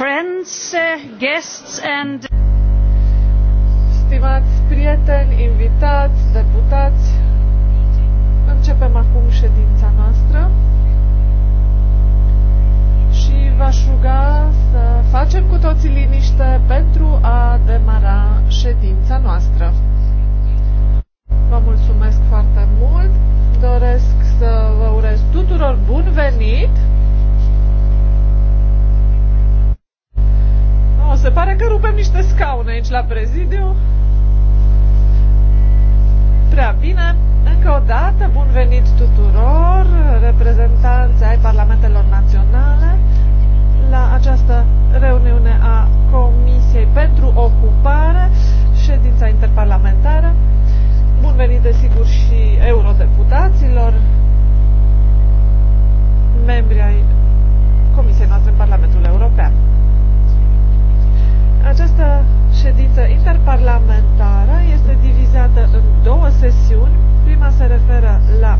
friends, eh, guests and... Stimați prieteni, invitați, deputați, începem acum ședința noastră și v-aș ruga să facem cu toții liniște pentru a demara ședința noastră. Vă mulțumesc foarte mult, doresc să vă urez tuturor bun venit Se pare că rupem niște scaune aici la prezidiu. Prea bine. Încă o dată, bun venit tuturor, reprezentanții ai Parlamentelor Naționale, la această reuniune a Comisiei pentru Ocupare, ședința interparlamentară. Bun venit, desigur, și eurodeputaților, membri ai Comisiei noastre în Parlamentul European. Această ședință interparlamentară este divizată în două sesiuni. Prima se referă la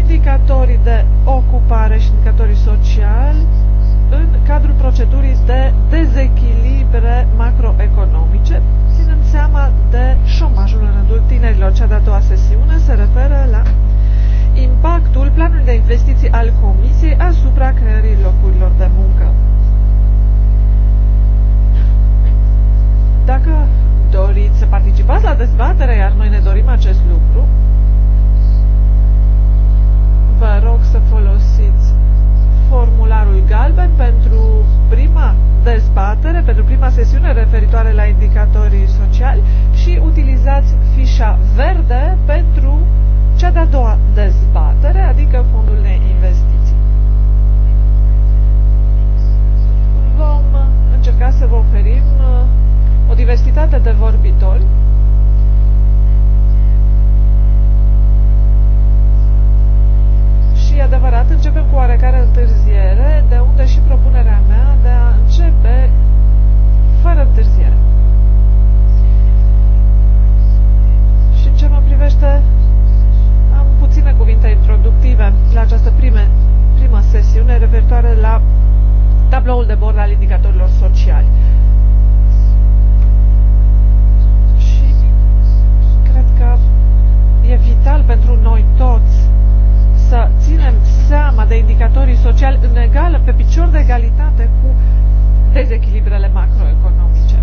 indicatorii de ocupare și indicatorii sociali în cadrul procedurii de dezechilibre macroeconomice, ținând seama de șomajul în rândul tinerilor. Cea de-a doua sesiune se referă la impactul planului de investiții al Comisiei asupra creării locurilor de muncă. Dacă doriți să participați la dezbatere, iar noi ne dorim acest lucru, vă rog să folosiți formularul galben pentru prima dezbatere, pentru prima sesiune referitoare la indicatorii sociali și utilizați fișa verde pentru cea de-a doua dezbatere, adică fondul de investiții. Vom încerca să vă oferim uh, o diversitate de vorbitori și, adevărat, începem cu oarecare întârziere, de unde și propunerea mea de a începe fără întârziere. Și în ce mă privește, am puține cuvinte introductive la această prime, primă sesiune referitoare la tabloul de bord al indicatorilor sociali. cred că e vital pentru noi toți să ținem seama de indicatorii sociali în egală, pe picior de egalitate cu dezechilibrele macroeconomice.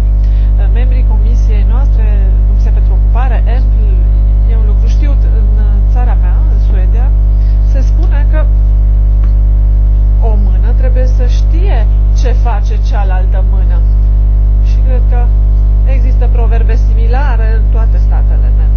Membrii comisiei noastre, Comisia pentru Ocupare, EMPL, e un lucru știut în țara mea, în Suedia, se spune că o mână trebuie să știe ce face cealaltă mână. Și cred că Există proverbe similare în toate statele membre.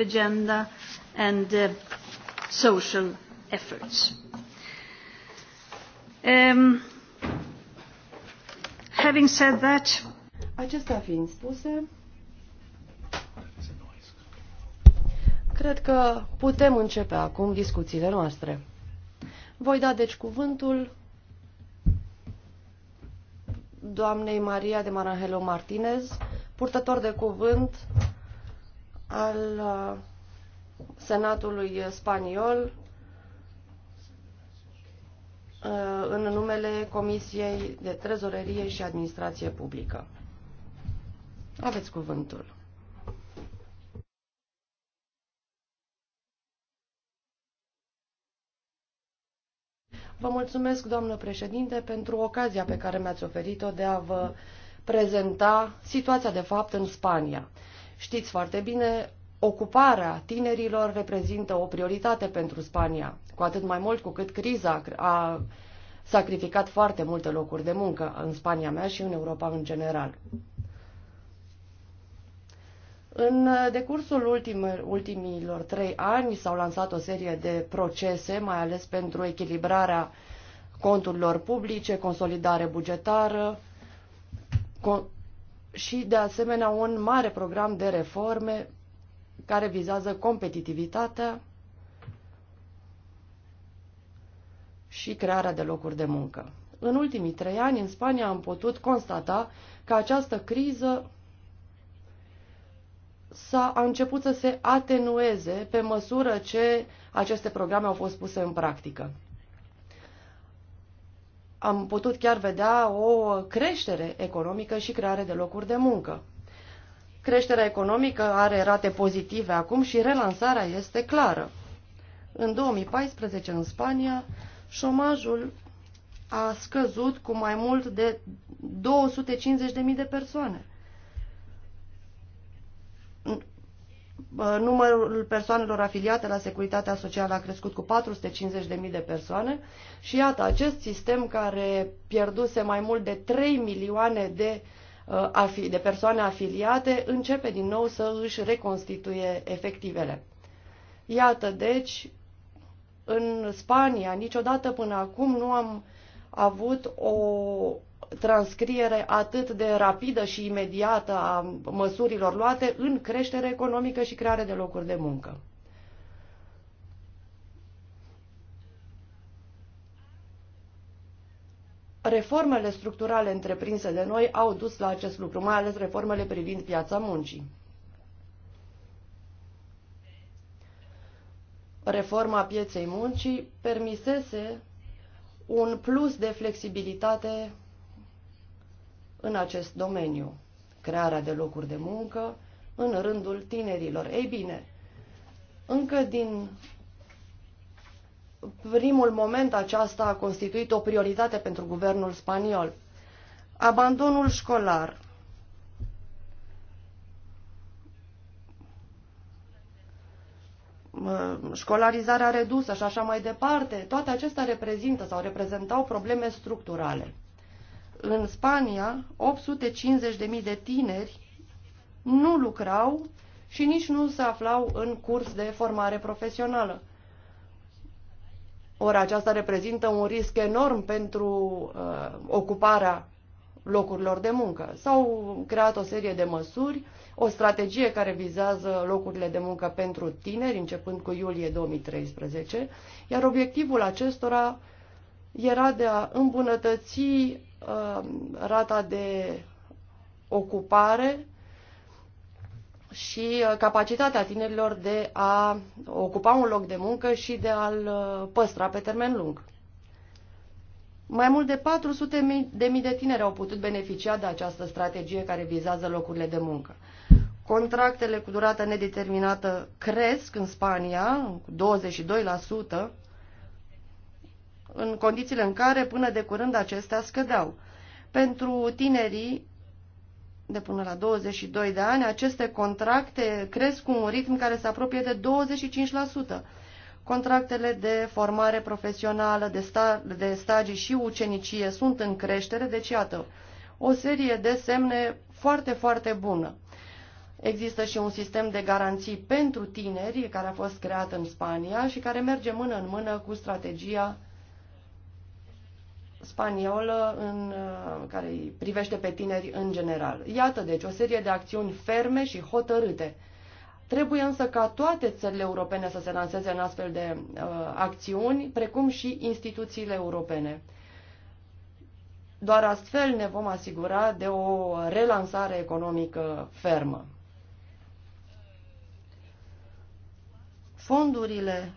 agenda and uh, social efforts. Um, having said that, I just have fiind spuse, cred că putem începe acum discuțiile noastre. Voi da deci cuvântul doamnei Maria de Maranhelo Martinez, purtător de cuvânt al uh, Senatului Spaniol uh, în numele Comisiei de Trezorerie și Administrație Publică. Aveți cuvântul. Vă mulțumesc, doamnă președinte, pentru ocazia pe care mi-ați oferit-o de a vă prezenta situația de fapt în Spania. Știți foarte bine, ocuparea tinerilor reprezintă o prioritate pentru Spania, cu atât mai mult cu cât criza a sacrificat foarte multe locuri de muncă în Spania mea și în Europa în general. În decursul ultimilor trei ani s-au lansat o serie de procese, mai ales pentru echilibrarea conturilor publice, consolidare bugetară, și, de asemenea, un mare program de reforme care vizează competitivitatea și crearea de locuri de muncă. În ultimii trei ani, în Spania, am putut constata că această criză s-a a început să se atenueze pe măsură ce aceste programe au fost puse în practică am putut chiar vedea o creștere economică și creare de locuri de muncă. Creșterea economică are rate pozitive acum și relansarea este clară. În 2014, în Spania, șomajul a scăzut cu mai mult de 250.000 de persoane. Ă, numărul persoanelor afiliate la Securitatea Socială a crescut cu 450.000 de persoane și iată, acest sistem care pierduse mai mult de 3 milioane de, ă, de persoane afiliate începe din nou să își reconstituie efectivele. Iată, deci, în Spania niciodată până acum nu am avut o transcriere atât de rapidă și imediată a măsurilor luate în creștere economică și creare de locuri de muncă. Reformele structurale întreprinse de noi au dus la acest lucru, mai ales reformele privind piața muncii. Reforma pieței muncii permisese un plus de flexibilitate în acest domeniu, crearea de locuri de muncă în rândul tinerilor. Ei bine, încă din primul moment aceasta a constituit o prioritate pentru guvernul spaniol. Abandonul școlar, școlarizarea redusă și așa mai departe, toate acestea reprezintă sau reprezentau probleme structurale. În Spania, 850.000 de tineri nu lucrau și nici nu se aflau în curs de formare profesională. Ori aceasta reprezintă un risc enorm pentru uh, ocuparea locurilor de muncă. S-au creat o serie de măsuri, o strategie care vizează locurile de muncă pentru tineri, începând cu iulie 2013, iar obiectivul acestora era de a îmbunătăți Um, rata de ocupare și uh, capacitatea tinerilor de a ocupa un loc de muncă și de a-l uh, păstra pe termen lung. Mai mult de 400 de mii de tineri au putut beneficia de această strategie care vizează locurile de muncă. Contractele cu durată nedeterminată cresc în Spania cu în condițiile în care până de curând acestea scădeau. Pentru tinerii de până la 22 de ani, aceste contracte cresc cu un ritm care se apropie de 25%. Contractele de formare profesională, de, sta, de stagii și ucenicie sunt în creștere, deci iată, o serie de semne foarte, foarte bună. Există și un sistem de garanții pentru tineri care a fost creat în Spania și care merge mână în mână cu strategia spaniolă în, uh, care îi privește pe tineri în general. Iată deci o serie de acțiuni ferme și hotărâte. Trebuie însă ca toate țările europene să se lanseze în astfel de uh, acțiuni, precum și instituțiile europene. Doar astfel ne vom asigura de o relansare economică fermă. Fondurile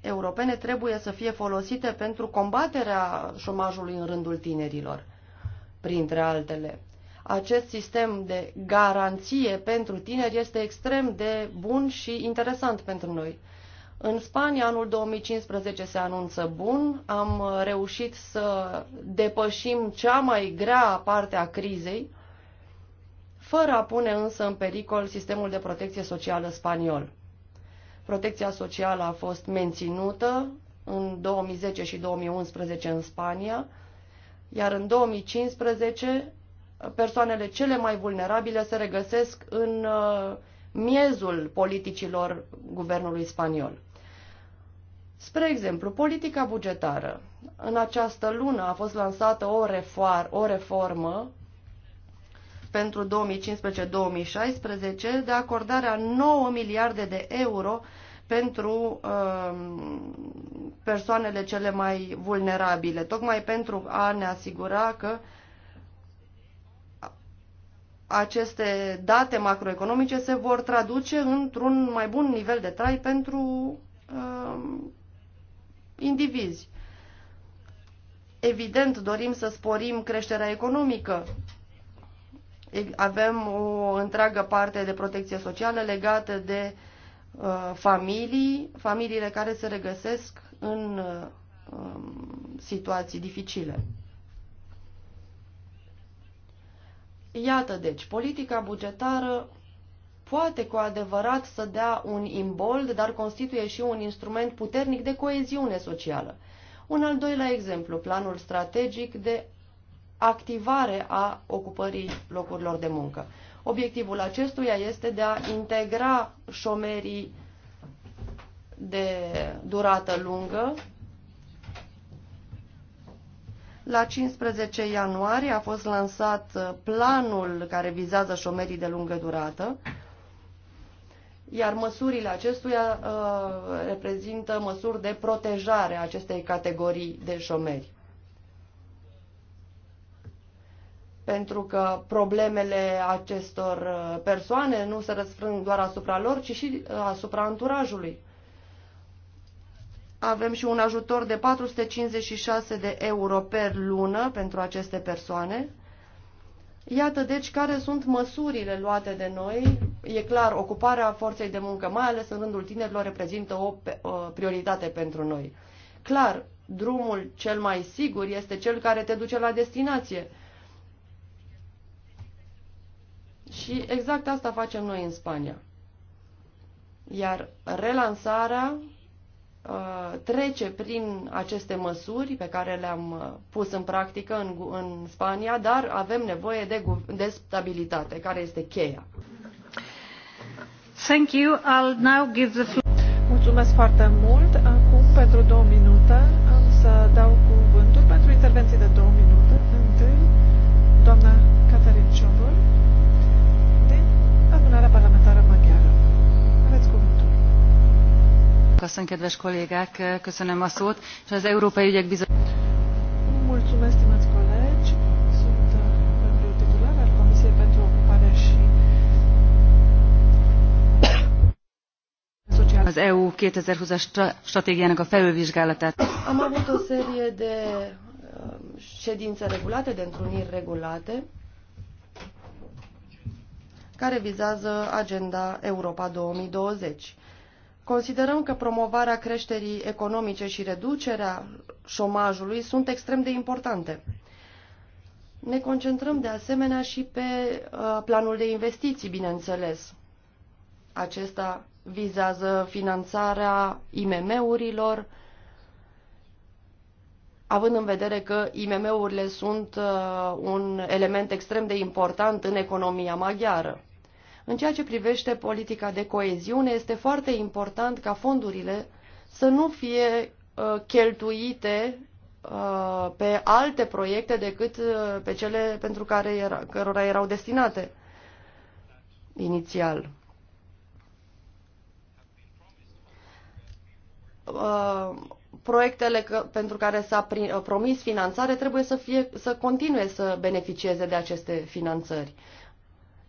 europene trebuie să fie folosite pentru combaterea șomajului în rândul tinerilor, printre altele. Acest sistem de garanție pentru tineri este extrem de bun și interesant pentru noi. În Spania, anul 2015 se anunță bun, am reușit să depășim cea mai grea parte a crizei, fără a pune însă în pericol sistemul de protecție socială spaniol. Protecția socială a fost menținută în 2010 și 2011 în Spania, iar în 2015 persoanele cele mai vulnerabile se regăsesc în uh, miezul politicilor guvernului spaniol. Spre exemplu, politica bugetară. În această lună a fost lansată o, reformă pentru 2015-2016 de acordarea 9 miliarde de euro pentru uh, persoanele cele mai vulnerabile, tocmai pentru a ne asigura că aceste date macroeconomice se vor traduce într-un mai bun nivel de trai pentru uh, indivizi. Evident, dorim să sporim creșterea economică, avem o întreagă parte de protecție socială legată de uh, familii, familiile care se regăsesc în uh, um, situații dificile. Iată deci, politica bugetară poate cu adevărat să dea un imbold, dar constituie și un instrument puternic de coeziune socială. Un al doilea exemplu, planul strategic de activare a ocupării locurilor de muncă. Obiectivul acestuia este de a integra șomerii de durată lungă. La 15 ianuarie a fost lansat uh, planul care vizează șomerii de lungă durată, iar măsurile acestuia uh, reprezintă măsuri de protejare a acestei categorii de șomeri. pentru că problemele acestor uh, persoane nu se răsfrâng doar asupra lor, ci și uh, asupra anturajului. Avem și un ajutor de 456 de euro per lună pentru aceste persoane. Iată deci care sunt măsurile luate de noi. E clar, ocuparea forței de muncă, mai ales în rândul tinerilor, reprezintă o prioritate pentru noi. Clar, drumul cel mai sigur este cel care te duce la destinație Și exact asta facem noi în Spania. Iar relansarea uh, trece prin aceste măsuri pe care le-am uh, pus în practică în, în Spania, dar avem nevoie de, de stabilitate, care este cheia. Thank you. I'll now give the floor. Mulțumesc foarte mult. Acum, pentru două minute, am să dau cuvântul pentru intervenții de două minute. Întâi, doamna Catherine Ciobor adunarea parlamentară maghiară. Aveți cuvântul. Köszönöm, kedves kollégák, köszönöm a szót, és az Európai Ügyek Bizottsága. Mulțumesc, stimați colegi. Sunt uh, membru titular al Comisiei pentru Ocupare și Social. Az EU 2020-as stratégiának a felülvizsgálatát. Am avut o serie de uh, ședințe regulate, de întruniri regulate care vizează agenda Europa 2020. Considerăm că promovarea creșterii economice și reducerea șomajului sunt extrem de importante. Ne concentrăm de asemenea și pe uh, planul de investiții, bineînțeles. Acesta vizează finanțarea IMM-urilor, având în vedere că IMM-urile sunt uh, un element extrem de important în economia maghiară. În ceea ce privește politica de coeziune, este foarte important ca fondurile să nu fie uh, cheltuite uh, pe alte proiecte decât uh, pe cele pentru care era, cărora erau destinate inițial. Proiectele pentru care s-a promis finanțare trebuie să, fie, să continue să beneficieze de aceste finanțări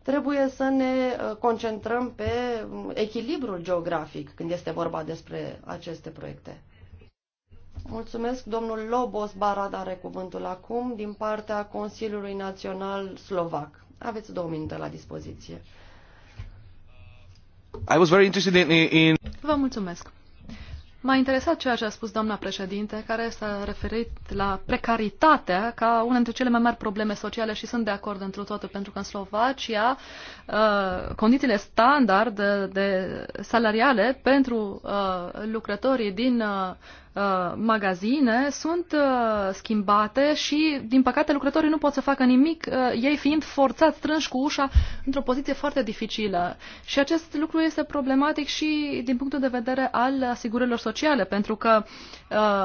trebuie să ne uh, concentrăm pe um, echilibrul geografic când este vorba despre aceste proiecte. Mulțumesc. Domnul Lobos Barad are cuvântul acum din partea Consiliului Național Slovac. Aveți două minute la dispoziție. I was very interested in, in... Vă mulțumesc. M-a interesat ceea ce a spus doamna președinte, care s-a referit la precaritatea ca una dintre cele mai mari probleme sociale și sunt de acord într toată, pentru că în Slovacia uh, condițiile standard de, de salariale pentru uh, lucrătorii din uh, Uh, magazine sunt uh, schimbate și, din păcate, lucrătorii nu pot să facă nimic, uh, ei fiind forțați strânși cu ușa într-o poziție foarte dificilă. Și acest lucru este problematic și din punctul de vedere al asigurărilor sociale, pentru că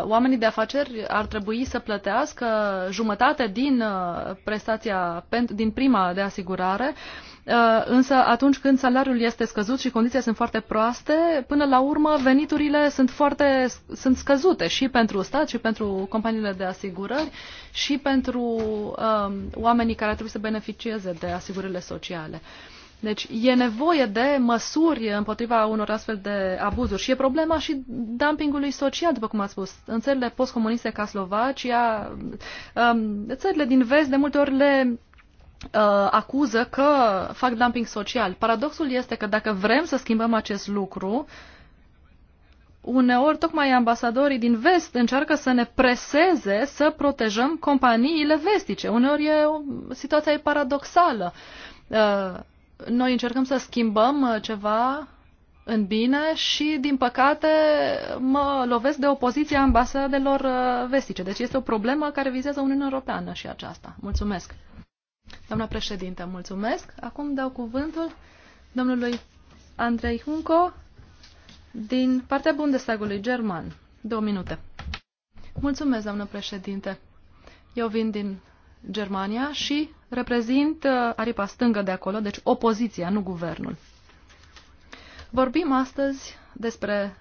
oamenii de afaceri ar trebui să plătească jumătate din prestația din prima de asigurare Uh, însă atunci când salariul este scăzut și condițiile sunt foarte proaste, până la urmă veniturile sunt foarte sunt scăzute și pentru stat, și pentru companiile de asigurări, și pentru um, oamenii care trebuie să beneficieze de asigurările sociale. Deci e nevoie de măsuri împotriva unor astfel de abuzuri și e problema și dumpingului social, după cum ați spus. În țările postcomuniste ca Slovacia, um, țările din vest de multe ori le uh, acuză că fac dumping social. Paradoxul este că dacă vrem să schimbăm acest lucru, uneori tocmai ambasadorii din vest încearcă să ne preseze să protejăm companiile vestice. Uneori e, situația e paradoxală. Uh, noi încercăm să schimbăm uh, ceva în bine și, din păcate, mă lovesc de opoziția ambasadelor uh, vestice. Deci este o problemă care vizează Uniunea Europeană și aceasta. Mulțumesc! Doamna președintă, mulțumesc. Acum dau cuvântul domnului Andrei Hunco din partea Bundestagului German. Două minute. Mulțumesc, doamnă președinte. Eu vin din Germania și reprezint uh, aripa stângă de acolo, deci opoziția, nu guvernul. Vorbim astăzi despre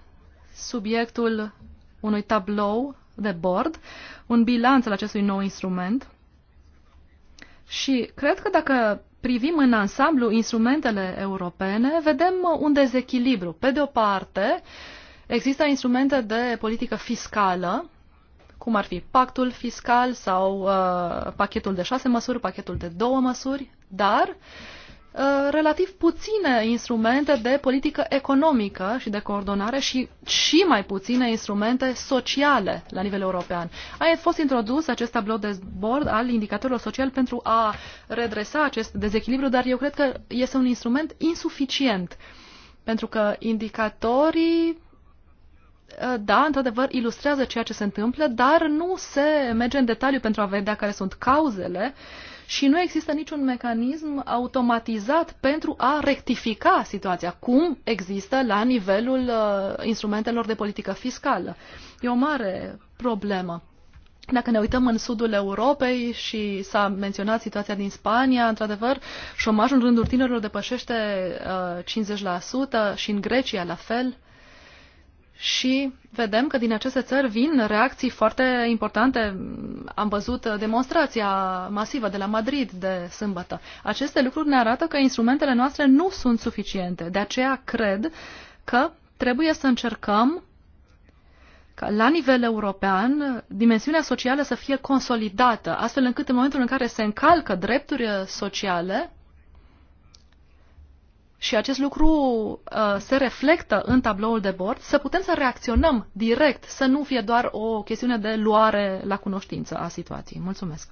subiectul unui tablou de bord, un bilanț al acestui nou instrument și cred că dacă privim în ansamblu instrumentele europene, vedem un dezechilibru. Pe de o parte, există instrumente de politică fiscală, cum ar fi pactul fiscal sau uh, pachetul de șase măsuri, pachetul de două măsuri, dar uh, Uh, relativ puține instrumente de politică economică și de coordonare și și mai puține instrumente sociale la nivel european. A fost introdus acest tablou de bord al indicatorilor sociali pentru a redresa acest dezechilibru, dar eu cred că este un instrument insuficient, pentru că indicatorii uh, da, într-adevăr, ilustrează ceea ce se întâmplă, dar nu se merge în detaliu pentru a vedea care sunt cauzele uh, și nu există niciun mecanism automatizat pentru a rectifica situația, cum există la nivelul uh, instrumentelor de politică fiscală. E o mare problemă. Dacă ne uităm în sudul Europei și s-a menționat situația din Spania, într-adevăr, șomajul în rândul tinerilor depășește uh, 50% și în Grecia la fel și vedem că din aceste țări vin reacții foarte importante. Am văzut demonstrația masivă de la Madrid de sâmbătă. Aceste lucruri ne arată că instrumentele noastre nu sunt suficiente. De aceea cred că trebuie să încercăm ca la nivel european dimensiunea socială să fie consolidată, astfel încât în momentul în care se încalcă drepturi sociale, și acest lucru uh, se reflectă în tabloul de bord, să putem să reacționăm direct, să nu fie doar o chestiune de luare la cunoștință a situației. Mulțumesc!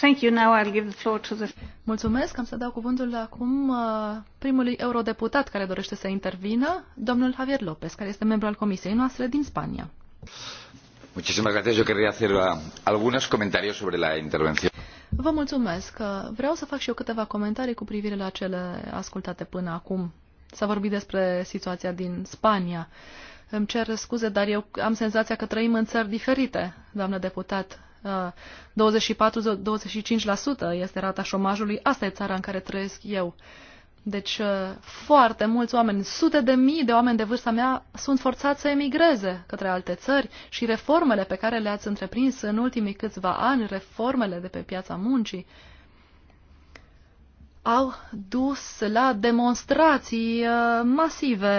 Thank you. Now I'll give the floor to the... Mulțumesc. Am să dau cuvântul acum uh, primului eurodeputat care dorește să intervină, domnul Javier López, care este membru al Comisiei noastre din Spania. Muchísimas gracias. Yo querría hacer uh, algunos comentarios sobre la intervención. Vă mulțumesc. Vreau să fac și eu câteva comentarii cu privire la cele ascultate până acum. S-a vorbit despre situația din Spania. Îmi cer scuze, dar eu am senzația că trăim în țări diferite, doamnă deputat. Uh, 24-25% este rata șomajului. Asta e țara în care trăiesc eu. Deci uh, foarte mulți oameni, sute de mii de oameni de vârsta mea sunt forțați să emigreze către alte țări și reformele pe care le-ați întreprins în ultimii câțiva ani, reformele de pe piața muncii, au dus la demonstrații uh, masive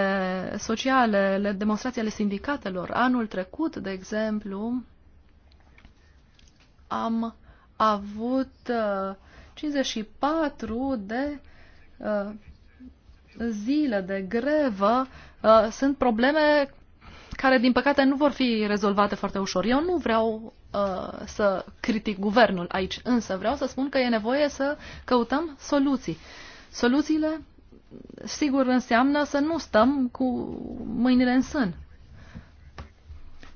sociale, demonstrații ale sindicatelor. Anul trecut, de exemplu, am avut 54 uh, de Uh, zile de grevă uh, sunt probleme care, din păcate, nu vor fi rezolvate foarte ușor. Eu nu vreau uh, să critic guvernul aici, însă vreau să spun că e nevoie să căutăm soluții. Soluțiile, sigur, înseamnă să nu stăm cu mâinile în sân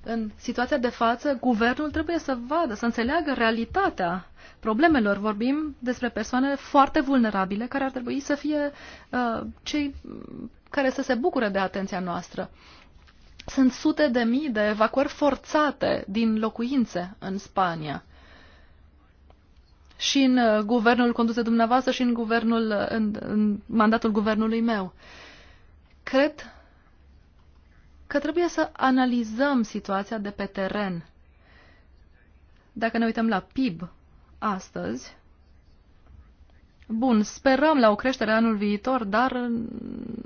în situația de față, guvernul trebuie să vadă, să înțeleagă realitatea problemelor. Vorbim despre persoane foarte vulnerabile care ar trebui să fie uh, cei care să se bucure de atenția noastră. Sunt sute de mii de evacuări forțate din locuințe în Spania. Și în uh, guvernul condus de dumneavoastră și în, guvernul, uh, în, în mandatul guvernului meu. Cred că trebuie să analizăm situația de pe teren. Dacă ne uităm la PIB astăzi, bun, sperăm la o creștere anul viitor, dar în,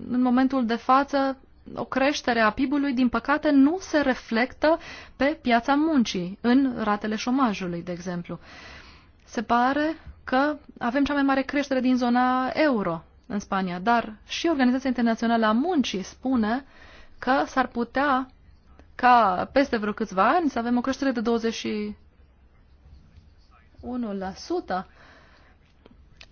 în momentul de față o creștere a PIB-ului, din păcate, nu se reflectă pe piața muncii, în ratele șomajului, de exemplu. Se pare că avem cea mai mare creștere din zona euro în Spania, dar și Organizația Internațională a Muncii spune uh, că s-ar putea ca peste vreo câțiva ani să avem o creștere de 21%.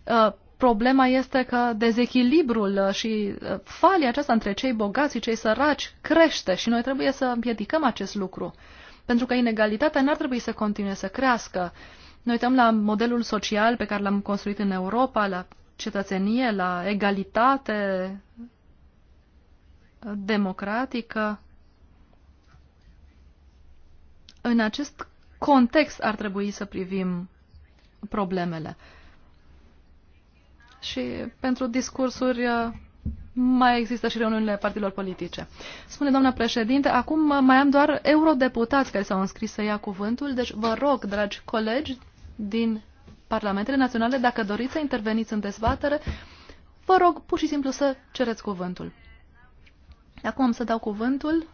Uh, problema este că dezechilibrul uh, și uh, falia aceasta între cei bogați și cei săraci crește și noi trebuie să împiedicăm acest lucru. Pentru că inegalitatea n-ar trebui să continue să crească. Noi uităm la modelul social pe care l-am construit în Europa, la cetățenie, la egalitate, democratică, în acest context ar trebui să privim problemele. Și pentru discursuri uh, mai există și reuniunile partidelor politice. Spune doamna președinte, acum mai am doar eurodeputați care s-au înscris să ia cuvântul, deci vă rog, dragi colegi din Parlamentele Naționale, dacă doriți să interveniți în dezbatere, vă rog pur și simplu să cereți cuvântul. Acum am să dau cuvântul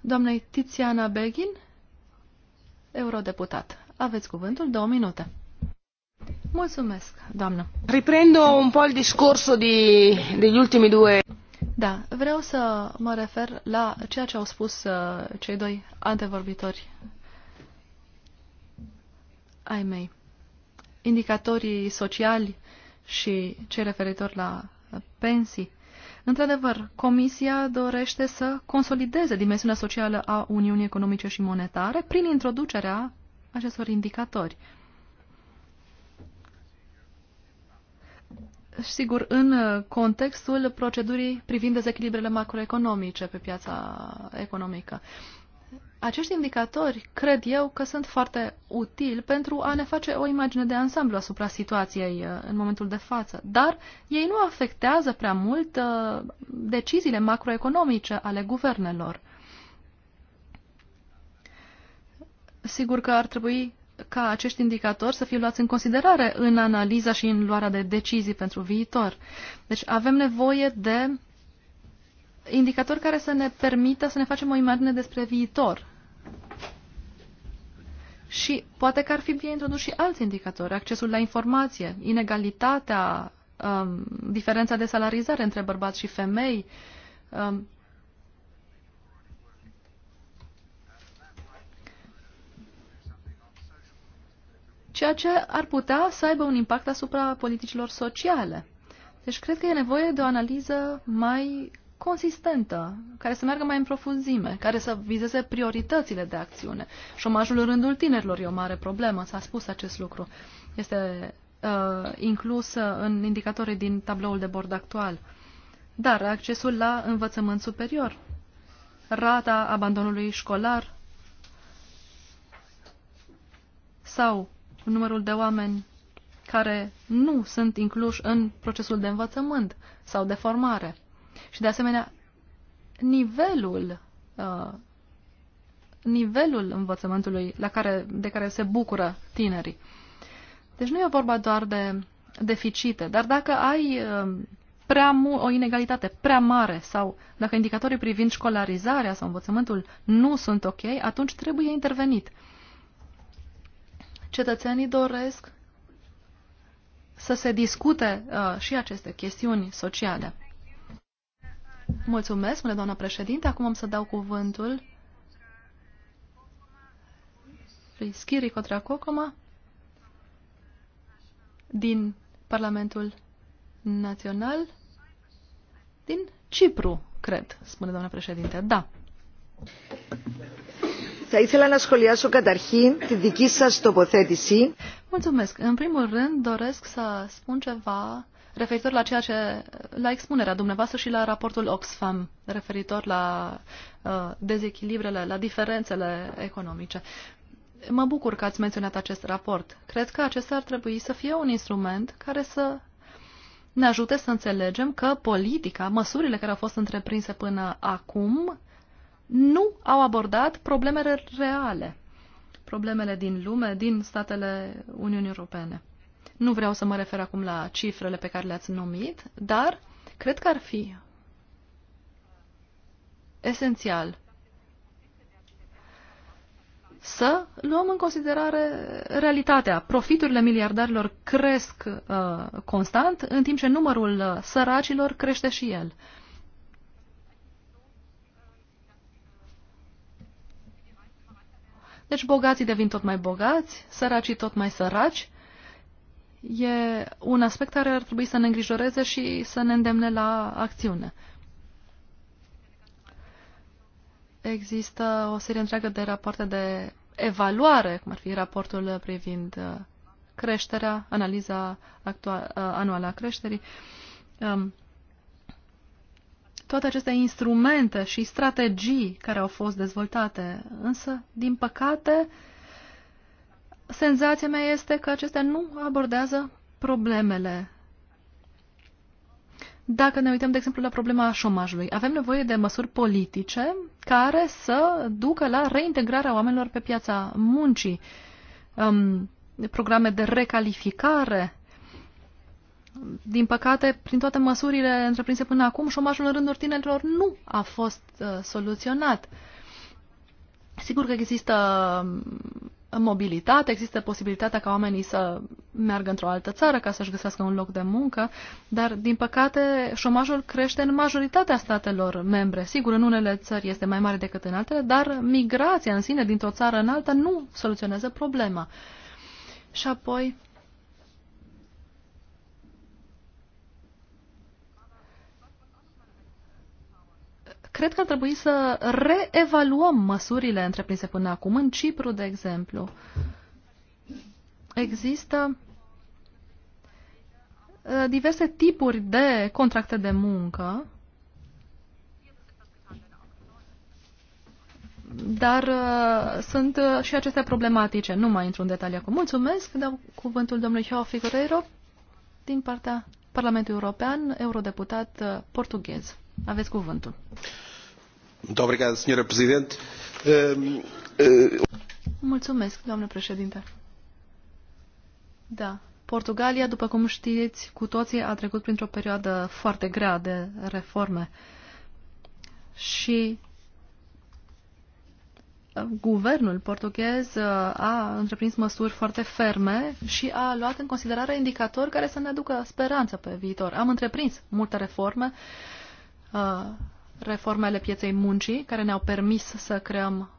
doamnei Tiziana Begin, eurodeputat. Aveți cuvântul, două minute. Mulțumesc, doamnă. Riprendo un po' il discorso di, degli ultimi due. Da, vreau să mă refer la ceea ce au spus uh, cei doi antevorbitori ai mei. Indicatorii sociali și cei referitor la pensii Într-adevăr, Comisia dorește să consolideze dimensiunea socială a Uniunii Economice și Monetare prin introducerea acestor indicatori. Sigur, în uh, contextul procedurii privind dezechilibrele macroeconomice pe piața economică acești indicatori cred eu că sunt foarte utili pentru a ne face o imagine de ansamblu asupra situației uh, în momentul de față, dar ei nu afectează prea mult uh, deciziile macroeconomice ale guvernelor. Sigur că ar trebui ca acești indicatori să fie luați în considerare în analiza și în luarea de decizii pentru viitor. Deci avem nevoie de indicatori care să ne permită să ne facem o imagine despre viitor. Și poate că ar fi bine introdus și alți indicatori, accesul la informație, inegalitatea, um, diferența de salarizare între bărbați și femei. Um, ceea ce ar putea să aibă un impact asupra politicilor sociale. Deci cred că e nevoie de o analiză mai consistentă, care să meargă mai în profunzime, care să vizeze prioritățile de acțiune. Șomajul în rândul tinerilor e o mare problemă, s-a spus acest lucru. Este uh, inclus uh, în indicatorii din tabloul de bord actual. Dar accesul la învățământ superior, rata abandonului școlar sau numărul de oameni care nu sunt incluși în procesul de învățământ sau de formare. Și de asemenea, nivelul uh, nivelul învățământului la care, de care se bucură tinerii. Deci nu e vorba doar de deficite, dar dacă ai uh, prea o inegalitate prea mare sau dacă indicatorii privind școlarizarea sau învățământul nu sunt ok, atunci trebuie intervenit. Cetățenii doresc să se discute uh, și aceste chestiuni sociale. Mulțumesc, spune doamna președinte. Acum am să dau cuvântul lui Schiri Cotracocoma din Parlamentul Național din Cipru, cred, spune doamna președinte. Da. Θα ήθελα να σχολιάσω καταρχήν τη δική σας τοποθέτηση. Mulțumesc. În primul rând doresc să spun ceva referitor la ceea ce, la expunerea dumneavoastră și la raportul Oxfam, referitor la uh, dezechilibrele, la diferențele economice. Mă bucur că ați menționat acest raport. Cred că acesta ar trebui să fie un instrument care să ne ajute să înțelegem că politica, măsurile care au fost întreprinse până acum, nu au abordat problemele reale, problemele din lume, din statele Uniunii Europene. Nu vreau să mă refer acum la cifrele pe care le-ați numit, dar cred că ar fi esențial să luăm în considerare realitatea. Profiturile miliardarilor cresc uh, constant, în timp ce numărul uh, săracilor crește și el. Deci bogații devin tot mai bogați, săracii tot mai săraci e un aspect care ar trebui să ne îngrijoreze și să ne îndemne la acțiune. Există o serie întreagă de rapoarte de evaluare, cum ar fi raportul privind uh, creșterea, analiza uh, anuală a creșterii. Um, toate aceste instrumente și strategii care au fost dezvoltate, însă, din păcate, uh, senzația mea este că acestea nu abordează problemele. Dacă ne uităm, de exemplu, la problema șomajului, avem nevoie de măsuri politice care să ducă la reintegrarea oamenilor pe piața muncii, um, programe de recalificare. Din păcate, prin toate măsurile întreprinse până acum, șomajul în rândul tinerilor nu a fost uh, soluționat. Sigur că există mobilitate, există posibilitatea ca oamenii să meargă într-o altă țară ca să-și găsească un loc de muncă, dar, din păcate, șomajul crește în majoritatea statelor membre. Sigur, în unele țări este mai mare decât în altele, dar migrația în sine dintr-o țară în alta nu soluționează problema. Și apoi, cred că ar trebui să reevaluăm măsurile întreprinse până acum. În Cipru, de exemplu, există uh, diverse tipuri de contracte de muncă, dar uh, sunt uh, și acestea problematice. Nu mai intru în detalii acum. Mulțumesc, dau cuvântul domnului Joao Figueiredo din partea Parlamentului European, eurodeputat uh, portughez. Aveți cuvântul. Mulțumesc, președinte. Da. Portugalia, după cum știți, cu toții a trecut printr-o perioadă foarte grea de reforme. Și uh, guvernul portughez uh, a întreprins măsuri foarte ferme și a luat în considerare indicatori care să ne aducă speranță pe viitor. Am întreprins multe reforme uh, reformele pieței muncii, care ne-au permis să creăm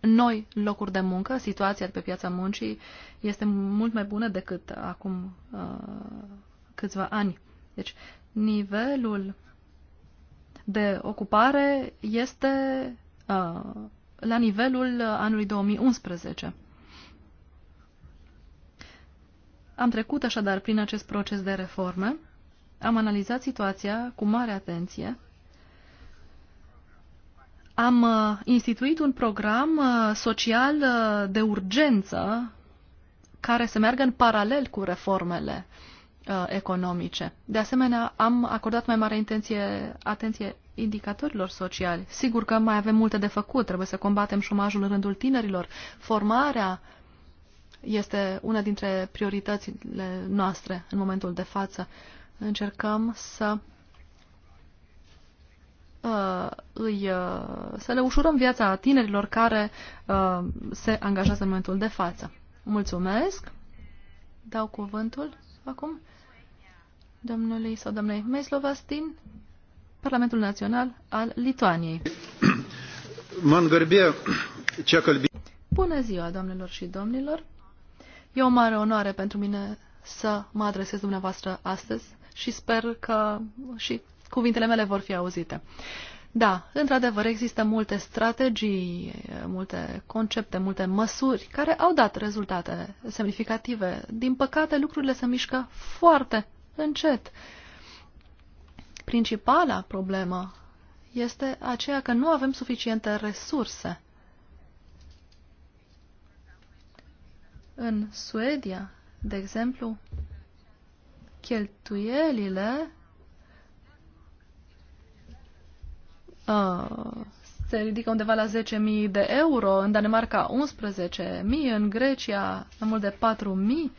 noi locuri de muncă. Situația de pe piața muncii este mult mai bună decât uh, acum uh, câțiva ani. Deci, nivelul de ocupare este uh, la nivelul anului 2011. Am trecut așadar prin acest proces de reforme, am analizat situația cu mare atenție am uh, instituit un program uh, social uh, de urgență care să meargă în paralel cu reformele economice. De asemenea, am acordat mai mare intenție, atenție indicatorilor sociali. Sigur că mai avem multe de făcut, trebuie să combatem șomajul în rândul tinerilor. Formarea este una dintre prioritățile noastre în momentul de față. Încercăm să Uh, îi, uh, să le ușurăm viața tinerilor care uh, se angajează în momentul de față. Mulțumesc. Dau cuvântul acum domnului sau domnului Meslovas din Parlamentul Național al Lituaniei. Bună ziua, domnilor și domnilor! E o mare onoare pentru mine să mă adresez dumneavoastră astăzi și sper că și cuvintele mele vor fi auzite. Da, într-adevăr, există multe strategii, multe concepte, multe măsuri care au dat rezultate semnificative. Din păcate, lucrurile se mișcă foarte încet. Principala problemă este aceea că nu avem suficiente resurse. În Suedia, de exemplu, cheltuielile se ridică undeva la 10.000 de euro, în Danemarca 11.000, în Grecia mai mult de 4.000,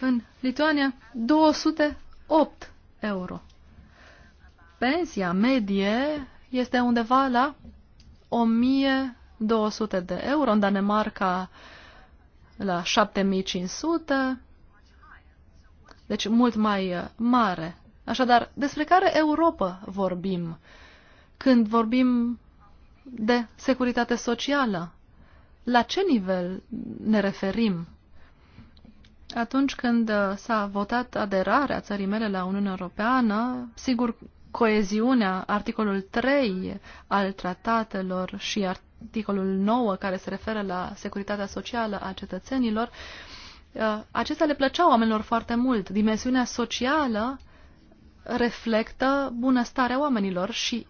în Lituania 208 euro. Pensia medie este undeva la 1200 de euro, în Danemarca la 7500, deci mult mai uh, mare. Așadar, despre care Europa vorbim? Uh, când vorbim de securitate socială, la ce nivel ne referim? Atunci când uh, s-a votat aderarea țării mele la Uniunea Europeană, sigur, coeziunea, articolul 3 al tratatelor și articolul 9 care se referă la securitatea socială a cetățenilor, uh, acestea le plăceau oamenilor foarte mult. Dimensiunea socială reflectă bunăstarea oamenilor și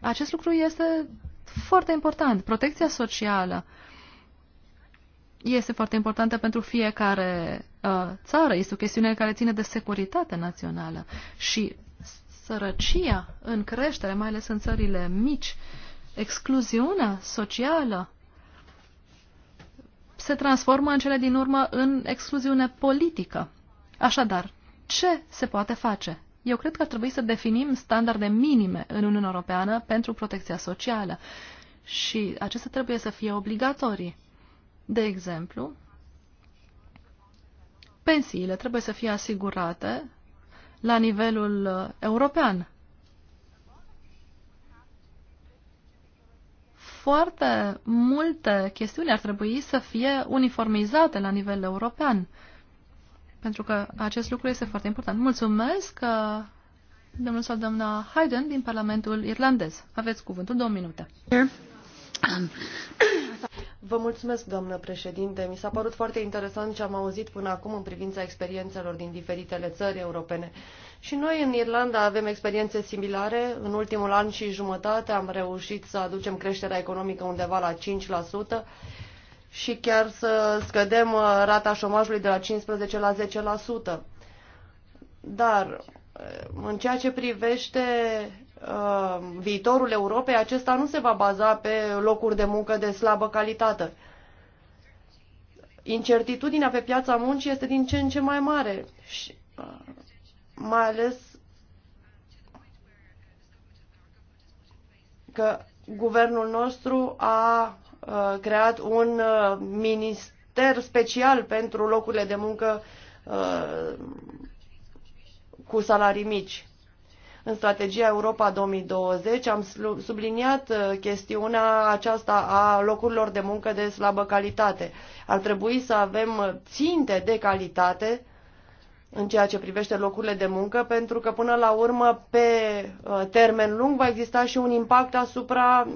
acest lucru este foarte important. Protecția socială este foarte importantă pentru fiecare uh, țară. Este o chestiune care ține de securitate națională. Și sărăcia în creștere, mai ales în țările mici, excluziunea socială se transformă în cele din urmă în excluziune politică. Așadar, ce se poate face? Eu cred că ar trebui să definim standarde minime în Uniunea Europeană pentru protecția socială și acestea trebuie să fie obligatorii. De exemplu, pensiile trebuie să fie asigurate la nivelul uh, european. Foarte multe chestiuni ar trebui să fie uniformizate la nivel european pentru că acest lucru este foarte important. Mulțumesc, uh, domnul sau doamna Hayden din Parlamentul Irlandez. Aveți cuvântul, două minute. Um. Vă mulțumesc, doamnă președinte. Mi s-a părut foarte interesant ce am auzit până acum în privința experiențelor din diferitele țări europene. Și noi în Irlanda avem experiențe similare. În ultimul an și jumătate am reușit să aducem creșterea economică undeva la 5% și chiar să scădem uh, rata șomajului de la 15 la 10%. Dar uh, în ceea ce privește uh, viitorul Europei, acesta nu se va baza pe locuri de muncă de slabă calitate. Incertitudinea pe piața muncii este din ce în ce mai mare, și, mai ales că guvernul nostru a Uh, creat un uh, minister special pentru locurile de muncă uh, cu salarii mici. În strategia Europa 2020 am subliniat chestiunea aceasta a locurilor de muncă de slabă calitate. Ar trebui să avem ținte de calitate în ceea ce privește locurile de muncă, pentru că până la urmă, pe termen lung, va exista și un impact asupra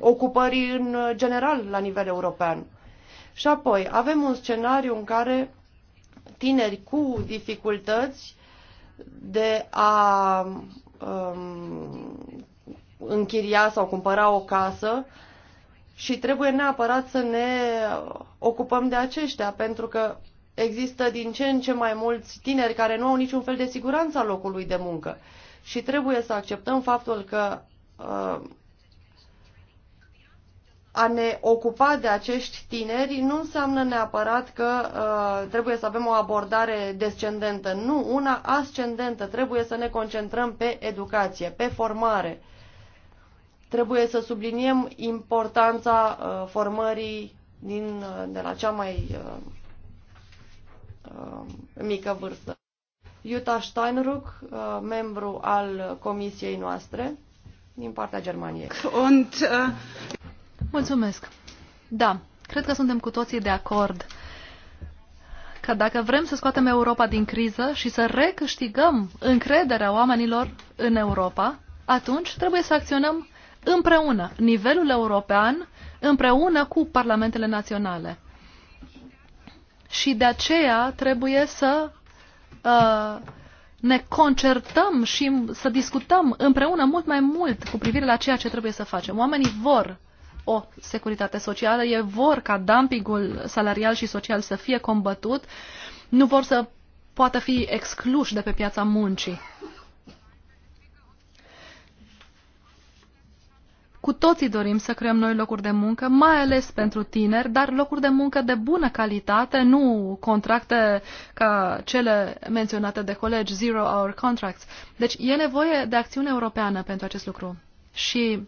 ocupării în general la nivel european. Și apoi avem un scenariu în care tineri cu dificultăți de a um, închiria sau cumpăra o casă și trebuie neapărat să ne ocupăm de aceștia, pentru că există din ce în ce mai mulți tineri care nu au niciun fel de siguranță a locului de muncă. Și trebuie să acceptăm faptul că uh, a ne ocupa de acești tineri nu înseamnă neapărat că uh, trebuie să avem o abordare descendentă, nu, una ascendentă. Trebuie să ne concentrăm pe educație, pe formare. Trebuie să subliniem importanța uh, formării din, uh, de la cea mai uh, uh, mică vârstă. Jutta Steinruck, uh, membru al comisiei noastre din partea Germaniei. Und, uh... Mulțumesc. Da, cred că suntem cu toții de acord că dacă vrem să scoatem Europa din criză și să recâștigăm încrederea oamenilor în Europa, atunci trebuie să acționăm împreună, nivelul european, împreună cu parlamentele naționale. Și de aceea trebuie să uh, ne concertăm și să discutăm împreună mult mai mult cu privire la ceea ce trebuie să facem. Oamenii vor o securitate socială, ei vor ca dumpingul salarial și social să fie combătut, nu vor să poată fi excluși de pe piața muncii. Cu toții dorim să creăm noi locuri de muncă, mai ales pentru tineri, dar locuri de muncă de bună calitate, nu contracte ca cele menționate de colegi, zero hour contracts. Deci e nevoie de acțiune europeană pentru acest lucru. Și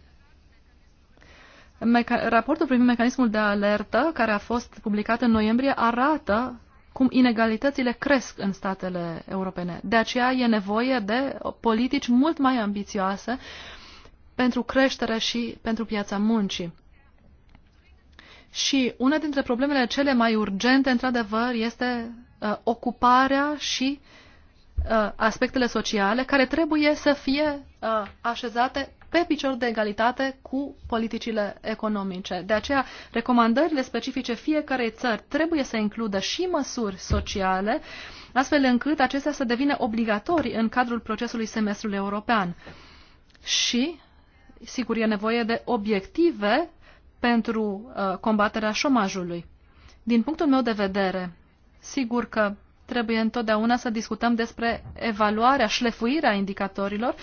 Meca raportul privind mecanismul de alertă, care a fost publicat în noiembrie, arată cum inegalitățile cresc în statele europene. De aceea e nevoie de politici mult mai ambițioase pentru creștere și pentru piața muncii. Și una dintre problemele cele mai urgente, într-adevăr, este uh, ocuparea și uh, aspectele sociale care trebuie să fie uh, așezate pe picior de egalitate cu politicile economice. De aceea, recomandările specifice fiecarei țări trebuie să includă și măsuri sociale, astfel încât acestea să devină obligatorii în cadrul procesului semestrului european. Și, sigur, e nevoie de obiective pentru uh, combaterea șomajului. Din punctul meu de vedere, sigur că trebuie întotdeauna să discutăm despre evaluarea, șlefuirea indicatorilor,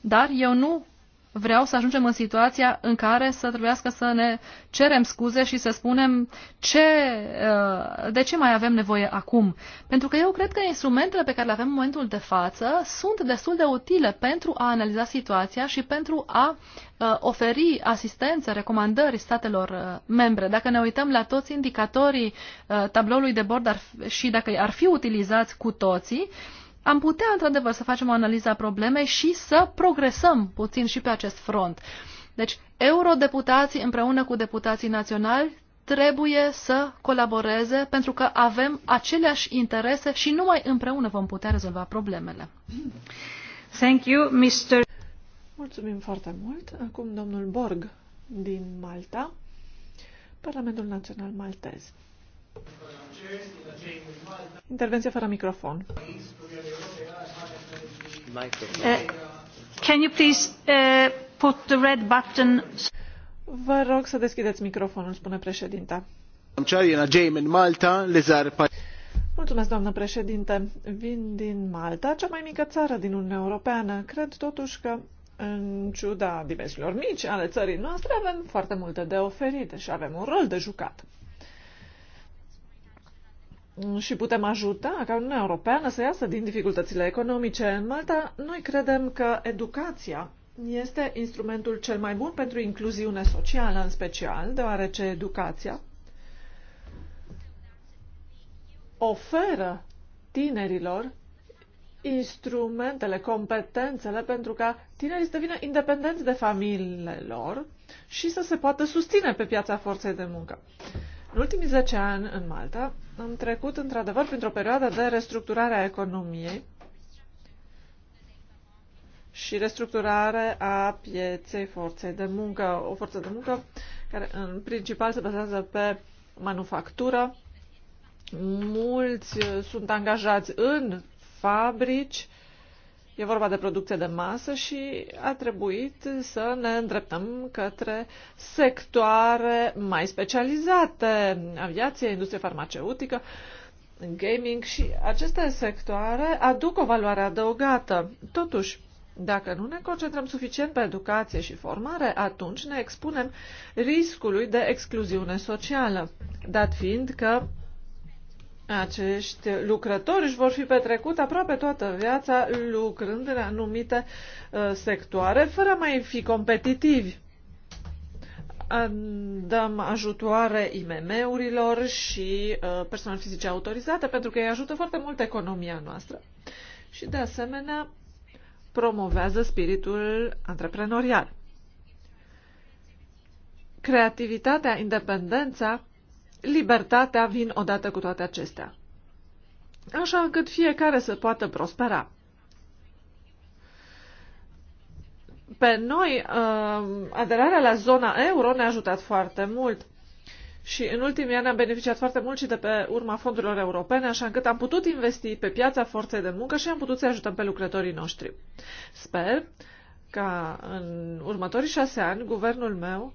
dar eu nu vreau să ajungem în situația în care să trebuiască să ne cerem scuze și să spunem ce, uh, de ce mai avem nevoie acum. Pentru că eu cred că instrumentele pe care le avem în momentul de față sunt destul de utile pentru a analiza situația și pentru a uh, oferi asistență, recomandări statelor uh, membre. Dacă ne uităm la toți indicatorii tabloului de bord și dacă ar fi utilizați cu toții, am putea, într-adevăr, să facem o analiză a problemei și să progresăm puțin și pe acest front. Deci, eurodeputații împreună cu deputații naționali trebuie să colaboreze pentru că avem aceleași interese și numai împreună vom putea rezolva problemele. Thank you, Mr. Mulțumim foarte mult. Acum domnul Borg din Malta, Parlamentul Național Maltez. Intervenție fără microfon. Eh, can you please uh, put the red button? Vă rog să deschideți microfonul, spune președinta. Malta, lezar... Mulțumesc, doamnă președinte. Vin din Malta, cea mai mică țară din Uniunea Europeană. Cred totuși că, în ciuda dimensiunilor mici ale țării noastre, avem foarte multe de oferit și avem un rol de jucat. Mm, și putem ajuta ca Uniunea Europeană să iasă din dificultățile economice. În Malta, noi credem că educația este instrumentul cel mai bun pentru incluziune socială, în special, deoarece educația oferă tinerilor instrumentele, competențele pentru ca tinerii să devină independenți de familiile lor și să se poată susține pe piața forței de muncă. În ultimii 10 ani în Malta, am trecut, într-adevăr, printr-o perioadă de restructurare a economiei și restructurare a pieței forței de muncă, o forță de muncă care în principal se bazează pe manufactură. Mulți sunt angajați în fabrici E vorba de producție de masă și a trebuit să ne îndreptăm către sectoare mai specializate, aviație, industrie farmaceutică, gaming și aceste sectoare aduc o valoare adăugată. Totuși, dacă nu ne concentrăm suficient pe educație și formare, atunci ne expunem riscului de excluziune socială, dat fiind că acești lucrători își vor fi petrecut aproape toată viața lucrând în anumite uh, sectoare, fără mai fi competitivi dăm ajutoare IMM-urilor și uh, persoane fizice autorizate, pentru că ei ajută foarte mult economia noastră. Și, de asemenea, promovează spiritul antreprenorial. Creativitatea, independența libertatea vin odată cu toate acestea. Așa încât fiecare să poată prospera. Pe noi, uh, aderarea la zona euro ne-a ajutat foarte mult. Și în ultimii ani am beneficiat foarte mult și de pe urma fondurilor europene, așa încât am putut investi pe piața forței de muncă și am putut să ajutăm pe lucrătorii noștri. Sper ca în următorii șase ani guvernul meu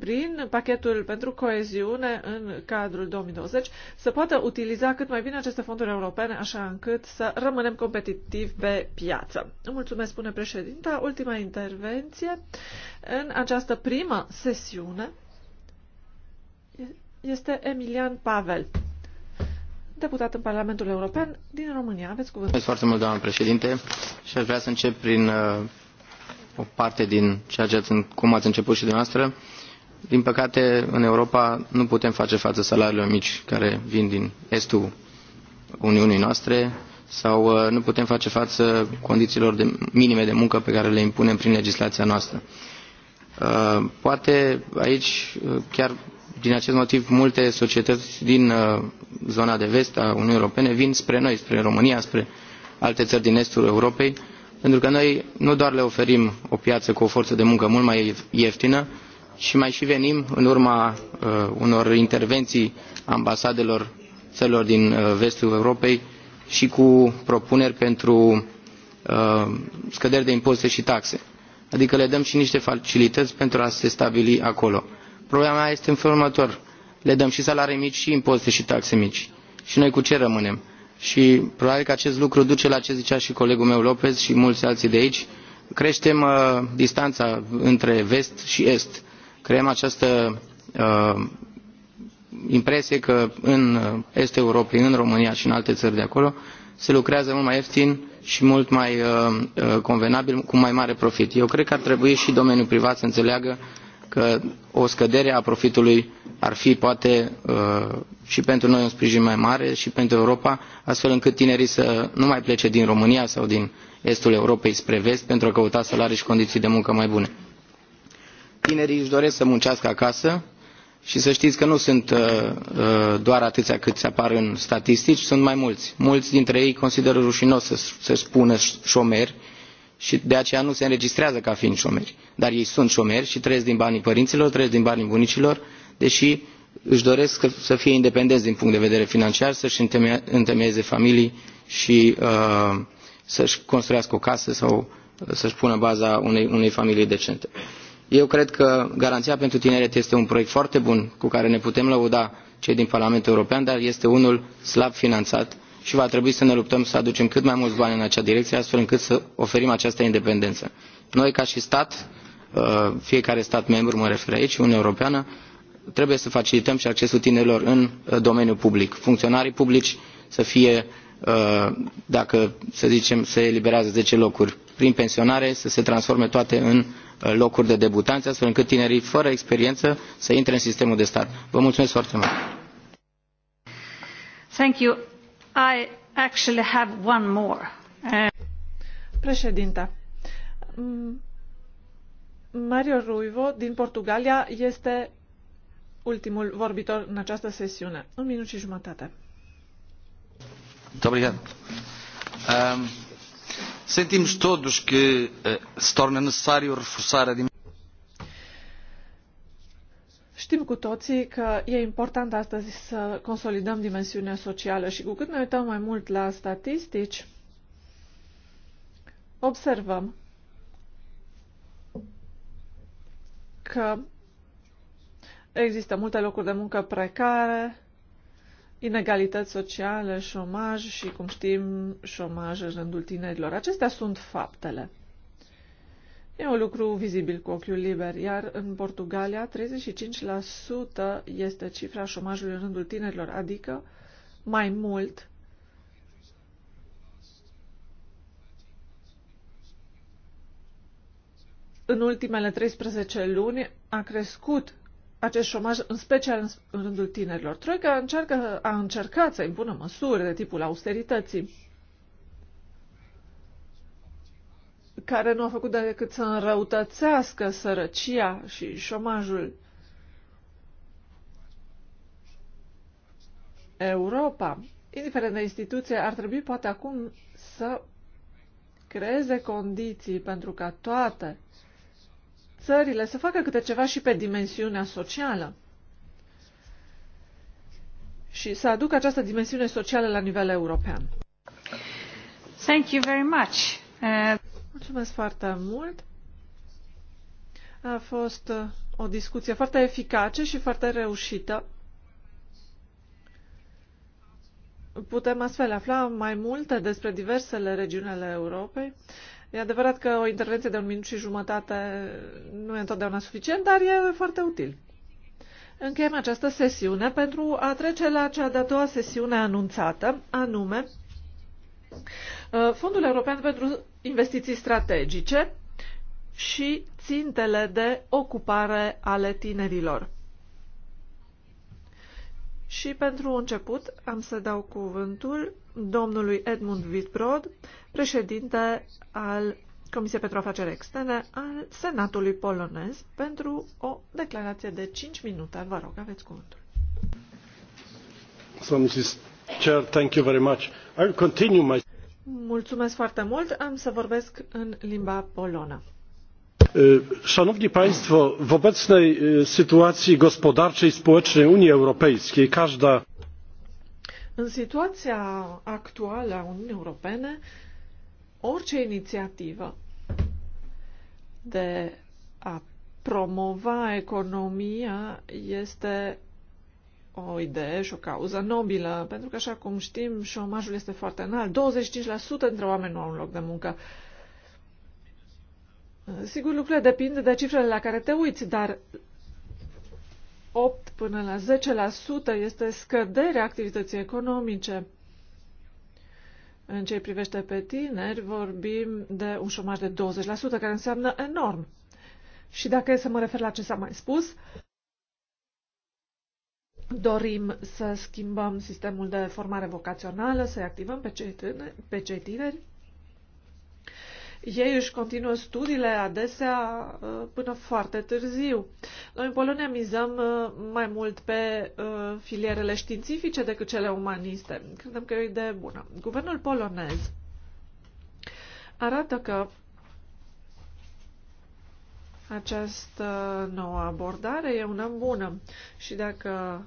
prin pachetul pentru coeziune în cadrul 2020 să poată utiliza cât mai bine aceste fonduri europene, așa încât să rămânem competitivi pe piață. Mulțumesc, spune președinta. Ultima intervenție în această primă sesiune este Emilian Pavel, deputat în Parlamentul European din România. Aveți cuvântul. Mulțumesc foarte mult, doamnă președinte, și aș vrea să încep prin uh, o parte din ceea ce ați, cum ați început și dumneavoastră. Uh, din păcate, în Europa nu putem face față salariilor mici care vin din estul Uniunii noastre sau uh, nu putem face față condițiilor de, minime de muncă pe care le impunem prin legislația noastră. Uh, poate aici, uh, chiar din acest motiv, multe societăți din zona de vest a Uniunii Europene vin spre noi, spre România, spre alte țări din estul Europei, pentru că noi nu doar le oferim o piață cu o forță de muncă mult mai ieftină, și mai și venim în urma uh, unor intervenții ambasadelor țărilor din uh, vestul Europei și cu propuneri pentru uh, scăderi de impozite și taxe. Adică le dăm și niște facilități pentru a se stabili acolo. Problema mea este în felul următor. Le dăm și salarii mici și impozite și taxe mici. Și noi cu ce rămânem? Și probabil că acest lucru duce la ce zicea și colegul meu Lopez și mulți alții de aici. Creștem uh, distanța între vest și est creăm această uh, impresie că în estul Europei, în România și în alte țări de acolo, se lucrează mult mai ieftin și mult mai uh, uh, convenabil, cu mai mare profit. Eu cred că ar trebui și domeniul privat să înțeleagă că o scădere a profitului ar fi poate uh, și pentru noi un sprijin mai mare și pentru Europa, astfel încât tinerii să nu mai plece din România sau din estul Europei spre vest pentru a căuta salarii și condiții de muncă mai bune tinerii își doresc să muncească acasă și să știți că nu sunt uh, uh, doar atâția cât se apar în statistici, sunt mai mulți. Mulți dintre ei consideră rușinos să se spună șomeri și de aceea nu se înregistrează ca fiind șomeri. Dar ei sunt șomeri și trăiesc din banii părinților, trăiesc din banii bunicilor, deși își doresc să fie independenți din punct de vedere financiar, să-și întemeieze familii și uh, să-și construiască o casă sau să-și pună baza unei, unei familii decente. Uh, eu cred că garanția pentru tineret este un proiect foarte bun cu care ne putem lăuda cei din parlamentul european dar este unul slab finanțat și va trebui să ne luptăm să aducem cât mai mulți bani în acea direcție astfel încât să oferim această independență. noi ca și stat uh, fiecare stat membru mă refer aici uniunea europeană trebuie să facilităm și accesul tinerilor în uh, domeniul public funcționarii publici să fie Uh, dacă, să zicem, se eliberează zece locuri prin pensionare, să se transforme toate în uh, locuri de debutanți, astfel încât tinerii fără experiență să intre în sistemul de stat. Vă mulțumesc foarte mult! Thank you. I actually have one more. Uh, Președinta, Mario Ruivo din Portugalia este ultimul vorbitor în această sesiune. Un minut și jumătate. Muito obrigado. Um, sentimos todos que uh, se torna necessário reforçar a dimensão. Știm cu toții că e important astăzi să consolidăm dimensiunea socială și cu cât ne uităm mai mult la statistici, observăm că există multe locuri de muncă precare, inegalități sociale, șomaj și, cum știm, șomaj în rândul tinerilor. Acestea sunt faptele. E un lucru vizibil cu ochiul liber, iar în Portugalia 35% este cifra șomajului în rândul tinerilor, adică mai mult în ultimele 13 luni a crescut acest șomaj, în special în rândul tinerilor. Troica încearcă, a încercat să impună măsuri de tipul austerității, care nu a făcut decât să înrăutățească sărăcia și șomajul. Europa, indiferent de instituție, ar trebui poate acum să creeze condiții pentru ca toate țările să facă câte ceva și pe dimensiunea socială și să aducă această dimensiune socială la nivel european. Thank you very much. Uh... Mulțumesc foarte mult. A fost uh, o discuție foarte eficace și foarte reușită. Putem astfel afla mai multe despre diversele regiuni ale Europei E adevărat că o intervenție de un minut și jumătate nu e întotdeauna suficient, dar e foarte util. Încheiem această sesiune pentru a trece la cea de-a doua sesiune anunțată, anume uh, Fondul European pentru Investiții Strategice și țintele de ocupare ale tinerilor. Și pentru început am să dau cuvântul domnului Edmund Wittbrod, președinte al Comisiei pentru Afaceri Externe al Senatului Polonez, pentru o declarație de 5 minute. Vă rog, aveți cuvântul. So, Mrs. Chair, thank you very much. I'll continue my... Mulțumesc foarte mult. Am să vorbesc în limba polonă. Szanowni Państwo, w obecnej sytuacji gospodarczej i społecznej Unii Europejskiej każda în situația actuală a Uniunii Europene, orice inițiativă de a promova economia este o idee și o cauză nobilă, pentru că, așa cum știm, șomajul este foarte înalt. 25% dintre oameni nu au un loc de muncă. Sigur, lucrurile depind de cifrele la care te uiți, dar 8 până la 10% este scăderea activității economice. În ce privește pe tineri, vorbim de un șomaj de 20%, care înseamnă enorm. Și dacă e să mă refer la ce s-a mai spus, dorim să schimbăm sistemul de formare vocațională, să-i activăm pe cei, pe cei tineri ei își continuă studiile adesea uh, până foarte târziu. Noi în Polonia mizăm uh, mai mult pe uh, filierele științifice decât cele umaniste. Credem că e o idee bună. Guvernul polonez arată că această nouă abordare e una bună și dacă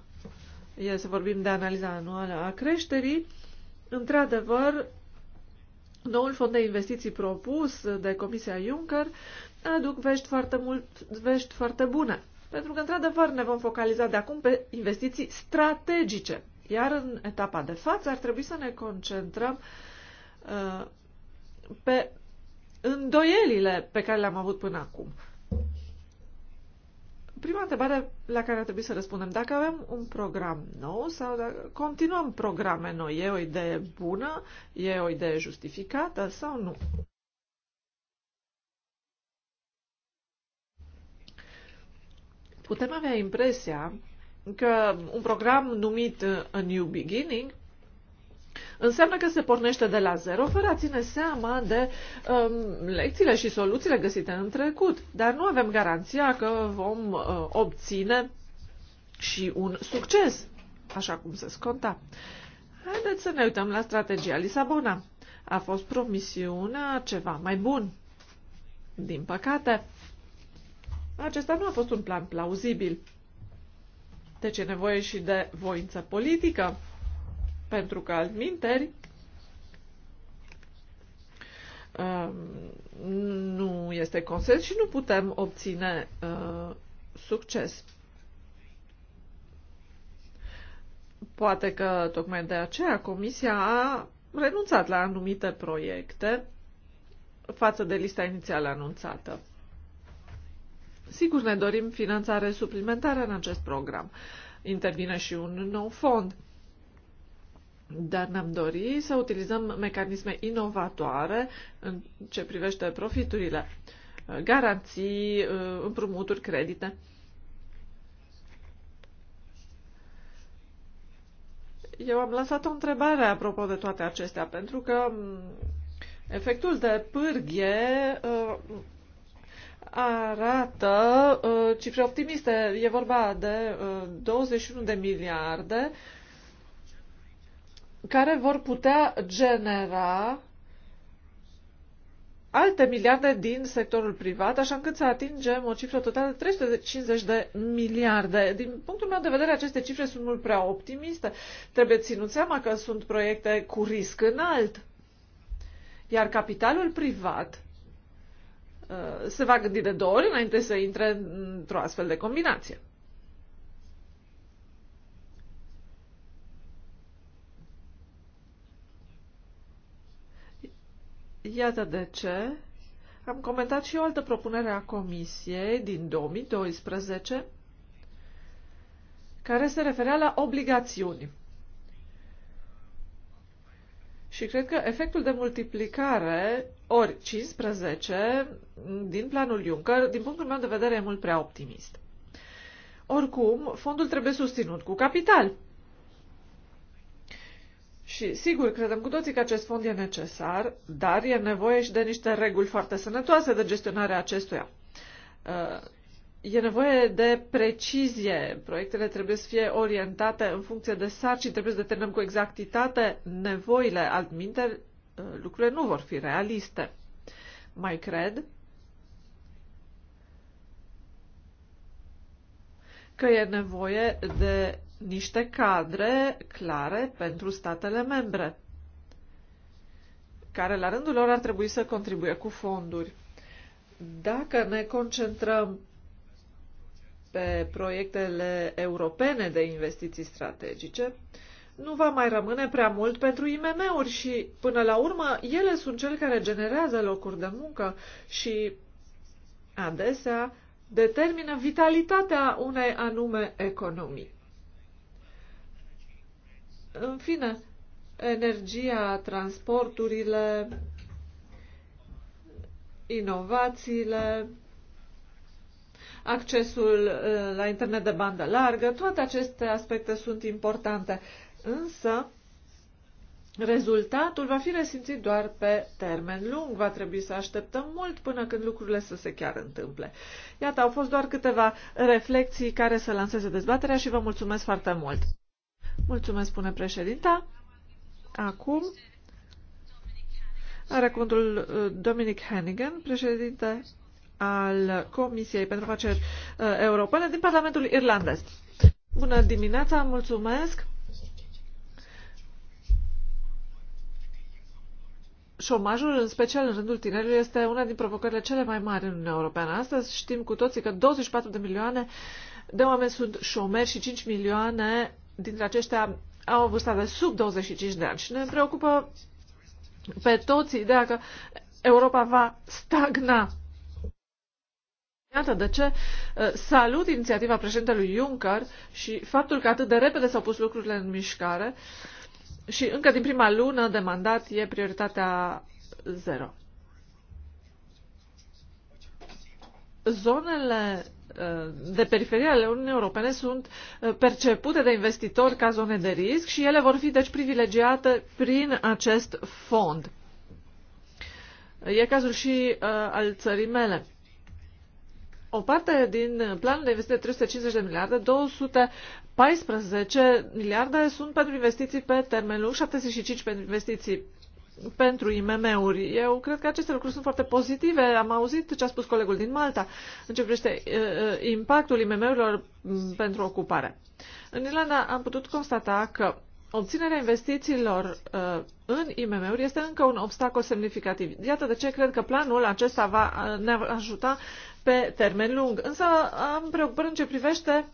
e să vorbim de analiza anuală a creșterii, într-adevăr, Noul fond de investiții propus de Comisia Juncker aduc vești foarte, mult, vești foarte bune, pentru că, într-adevăr, ne vom focaliza de acum pe investiții strategice, iar în etapa de față ar trebui să ne concentrăm uh, pe îndoielile pe care le-am avut până acum. Prima întrebare la care ar trebui să răspundem, dacă avem un program nou sau dacă continuăm programe noi, e o idee bună, e o idee justificată sau nu? Putem avea impresia că un program numit A New Beginning înseamnă că se pornește de la zero fără a ține seama de um, lecțiile și soluțiile găsite în trecut. Dar nu avem garanția că vom uh, obține și un succes, așa cum se sconta. Haideți să ne uităm la strategia Lisabona. A fost promisiunea ceva mai bun. Din păcate, acesta nu a fost un plan plauzibil. Deci e nevoie și de voință politică pentru că altminteri um, nu este consens și nu putem obține uh, succes. Poate că tocmai de aceea Comisia a renunțat la anumite proiecte față de lista inițială anunțată. Sigur, ne dorim finanțare suplimentară în acest program. Intervine și un nou fond dar ne-am dori să utilizăm mecanisme inovatoare în ce privește profiturile, garanții, uh, împrumuturi, credite. Eu am lăsat o întrebare apropo de toate acestea, pentru că um, efectul de pârghie uh, arată uh, cifre optimiste. E vorba de 21 de miliarde care vor putea genera alte miliarde din sectorul privat, așa încât să atingem o cifră totală de 350 de miliarde. Din punctul meu de vedere, aceste cifre sunt mult prea optimiste. Trebuie ținut seama că sunt proiecte cu risc înalt. Iar capitalul privat uh, se va gândi de două ori înainte să intre într-o astfel de combinație. Iată de ce am comentat și o altă propunere a Comisiei din 2012 care se referea la obligațiuni. Și cred că efectul de multiplicare ori 15 din planul Juncker, din punctul meu de vedere, e mult prea optimist. Oricum, fondul trebuie susținut cu capital. Și sigur, credem cu toții că acest fond e necesar, dar e nevoie și de niște reguli foarte sănătoase de gestionare acestuia. Uh, e nevoie de precizie. Proiectele trebuie să fie orientate în funcție de sarcini, trebuie să determinăm cu exactitate nevoile. Altminte, uh, lucrurile nu vor fi realiste. Mai cred că e nevoie de niște cadre clare pentru statele membre, care la rândul lor ar trebui să contribuie cu fonduri. Dacă ne concentrăm pe proiectele europene de investiții strategice, nu va mai rămâne prea mult pentru IMM-uri și, până la urmă, ele sunt cele care generează locuri de muncă și, adesea, determină vitalitatea unei anume economii. În fine, energia, transporturile, inovațiile, accesul uh, la internet de bandă largă, toate aceste aspecte sunt importante, însă rezultatul va fi resimțit doar pe termen lung. Va trebui să așteptăm mult până când lucrurile să se chiar întâmple. Iată, au fost doar câteva reflexii care să lanseze dezbaterea și vă mulțumesc foarte mult! Mulțumesc, spune președinta. Acum are cuvântul uh, Dominic Hannigan, președinte al Comisiei pentru Afaceri uh, Europene din Parlamentul Irlandez. Bună dimineața, mulțumesc. Șomajul, în special în rândul tinerilor, este una din provocările cele mai mari în Uniunea Europeană. Astăzi știm cu toții că 24 de milioane de oameni sunt șomeri și 5 milioane dintre aceștia au o vârstă de sub 25 de ani și ne preocupă pe toți ideea că Europa va stagna. Iată de ce uh, salut inițiativa președintelui Juncker și faptul că atât de repede s-au pus lucrurile în mișcare și încă din prima lună de mandat e prioritatea zero. Zonele Uh, de periferie ale Uniunii Europene sunt uh, percepute de investitori ca zone de risc și ele vor fi deci privilegiate prin acest fond. E cazul și uh, al țării mele. O parte din planul de investiții de 350 de miliarde, 214 miliarde sunt pentru investiții pe termen lung, 75 pentru investiții pentru IMM-uri. Eu cred că aceste lucruri sunt foarte pozitive. Am auzit ce a spus colegul din Malta în ce privește uh, uh, impactul IMM-urilor mm, pentru ocupare. În Irlanda am putut constata că obținerea investițiilor uh, în IMM-uri este încă un obstacol semnificativ. Iată de ce cred că planul acesta va, ne ajuta pe termen lung. Însă am preocupări în ce privește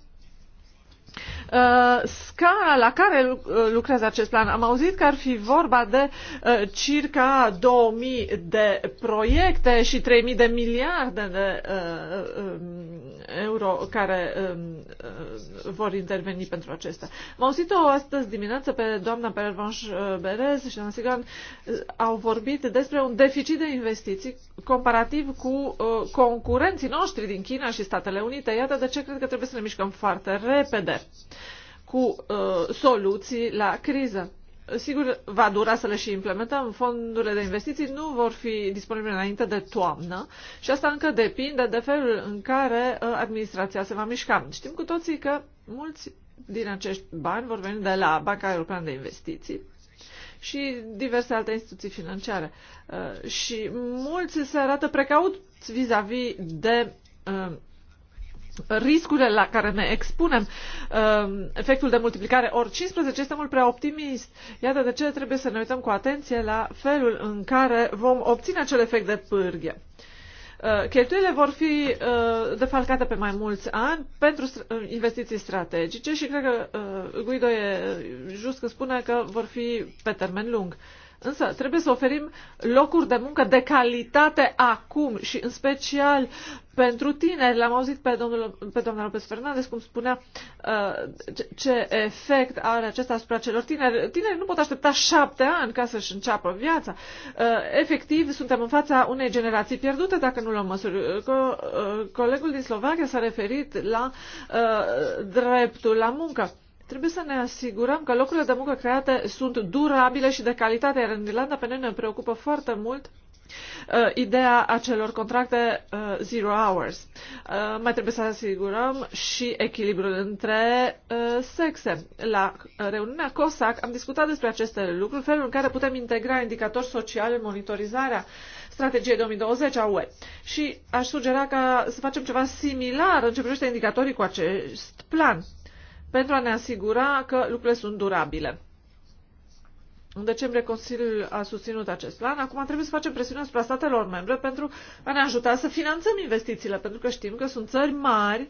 Uh, Scala la care uh, lucrează acest plan? Am auzit că ar fi vorba de uh, circa 2000 de proiecte și 3000 de miliarde de um, euro care um, vor interveni pentru acestea. Am auzit-o astăzi dimineață pe doamna Pervanș Berez și doamna Sigan au vorbit despre un deficit de investiții comparativ cu concurenții noștri din China și Statele Unite. Iată de ce cred că trebuie să ne mișcăm foarte repede cu uh, soluții la criză. Sigur, va dura să le și implementăm. Fondurile de investiții nu vor fi disponibile înainte de toamnă și asta încă depinde de felul în care uh, administrația se va mișca. Știm cu toții că mulți din acești bani vor veni de la Banca Europeană de Investiții și diverse alte instituții financiare. Uh, și mulți se arată precaut vis-a-vis -vis de uh, riscurile la care ne expunem, um, efectul de multiplicare ori 15 este mult prea optimist. Iată de ce trebuie să ne uităm cu atenție la felul în care vom obține acel efect de pârghie. Uh, cheltuielile vor fi uh, defalcate pe mai mulți ani pentru uh, investiții strategice și cred că Guido e just că spune că vor fi pe termen lung. Însă trebuie să oferim locuri de muncă de calitate acum și în special pentru tineri. L-am auzit pe, domnul, pe doamna Lopez Fernandez cum spunea uh, ce efect are acesta asupra celor tineri. Tinerii nu pot aștepta șapte ani ca să-și înceapă viața. Uh, efectiv, suntem în fața unei generații pierdute dacă nu luăm măsuri. Uh, co- colegul din Slovacia s-a referit la dreptul la muncă Trebuie să ne asigurăm că locurile de muncă create sunt durabile și de calitate, iar în Irlanda pe noi ne preocupă foarte mult uh, ideea acelor contracte uh, zero hours. Uh, mai trebuie să asigurăm și echilibrul între uh, sexe. La uh, reuniunea COSAC am discutat despre aceste lucruri, felul în care putem integra indicatori sociale în monitorizarea strategiei 2020 a UE. Și aș sugera ca să facem ceva similar în ce privește indicatorii cu acest plan pentru a ne asigura că lucrurile sunt durabile. În decembrie Consiliul a susținut acest plan. Acum trebuie să facem presiune asupra statelor membre pentru a ne ajuta să finanțăm investițiile, pentru că știm că sunt țări mari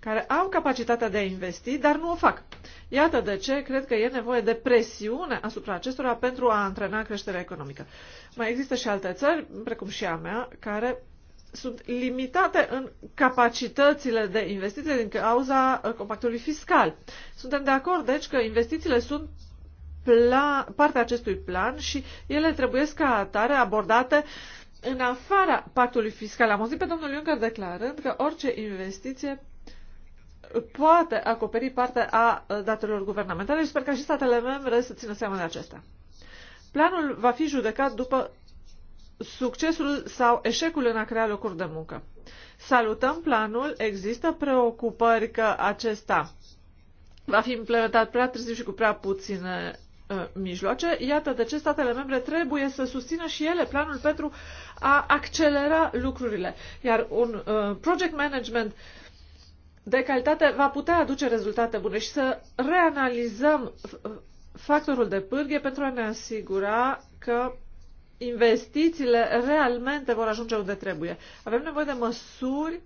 care au capacitatea de a investi, dar nu o fac. Iată de ce cred că e nevoie de presiune asupra acestora pentru a antrena creșterea economică. Mai există și alte țări, precum și a mea, care sunt limitate în capacitățile de investiție din cauza uh, compactului fiscal. Suntem de acord, deci, că investițiile sunt partea acestui plan și ele trebuie ca atare abordate în afara pactului fiscal. Am auzit pe domnul Juncker declarând că orice investiție poate acoperi partea a uh, datelor guvernamentale și sper ca și statele membre să țină seama de acestea. Planul va fi judecat după succesul sau eșecul în a crea locuri de muncă. Salutăm planul, există preocupări că acesta va fi implementat prea târziu și cu prea puține uh, mijloace. Iată de ce statele membre trebuie să susțină și ele planul pentru a accelera lucrurile. Iar un uh, project management de calitate va putea aduce rezultate bune și să reanalizăm ă, factorul de pârghie pentru a ne asigura că investițiile realmente vor ajunge unde trebuie. Avem nevoie de măsuri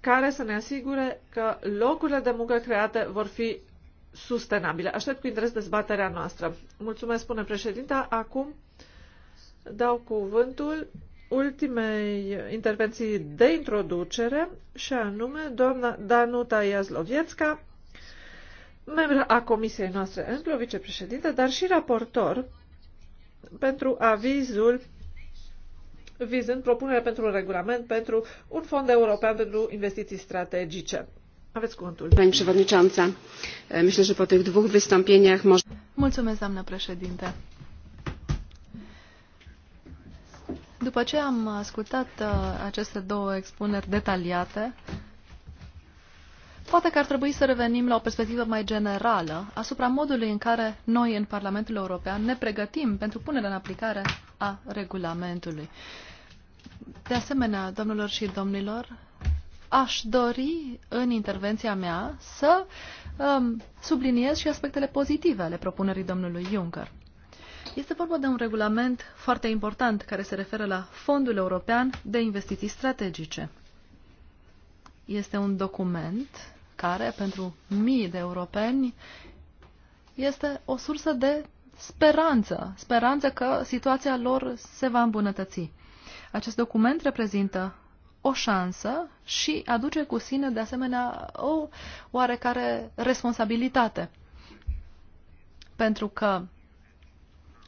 care să ne asigure că locurile de muncă create vor fi sustenabile. Aștept cu interes dezbaterea noastră. Mulțumesc, spune președinta. Acum dau cuvântul ultimei intervenții de introducere și anume doamna Danuta Iazloviețca, membra a comisiei noastre Emplo, vicepreședinte, dar și raportor pentru avizul vizând propunerea pentru un regulament pentru un fond european pentru investiții strategice. Aveți cuvântul. Pani przewodnicząca, myślę, że po tych dwóch wystąpieniach może... Mulțumesc, doamnă președinte. După ce am ascultat aceste două expuneri detaliate, Poate că ar trebui să revenim la o perspectivă mai generală asupra modului în care noi în Parlamentul European ne pregătim pentru punerea în aplicare a regulamentului. De asemenea, domnilor și domnilor, aș dori în intervenția mea să um, subliniez și aspectele pozitive ale propunerii domnului Juncker. Este vorba de un regulament foarte important care se referă la Fondul European de Investiții Strategice. Este un document care pentru mii de europeni este o sursă de speranță, speranță că situația lor se va îmbunătăți. Acest document reprezintă o șansă și aduce cu sine, de asemenea, o oarecare responsabilitate. Pentru că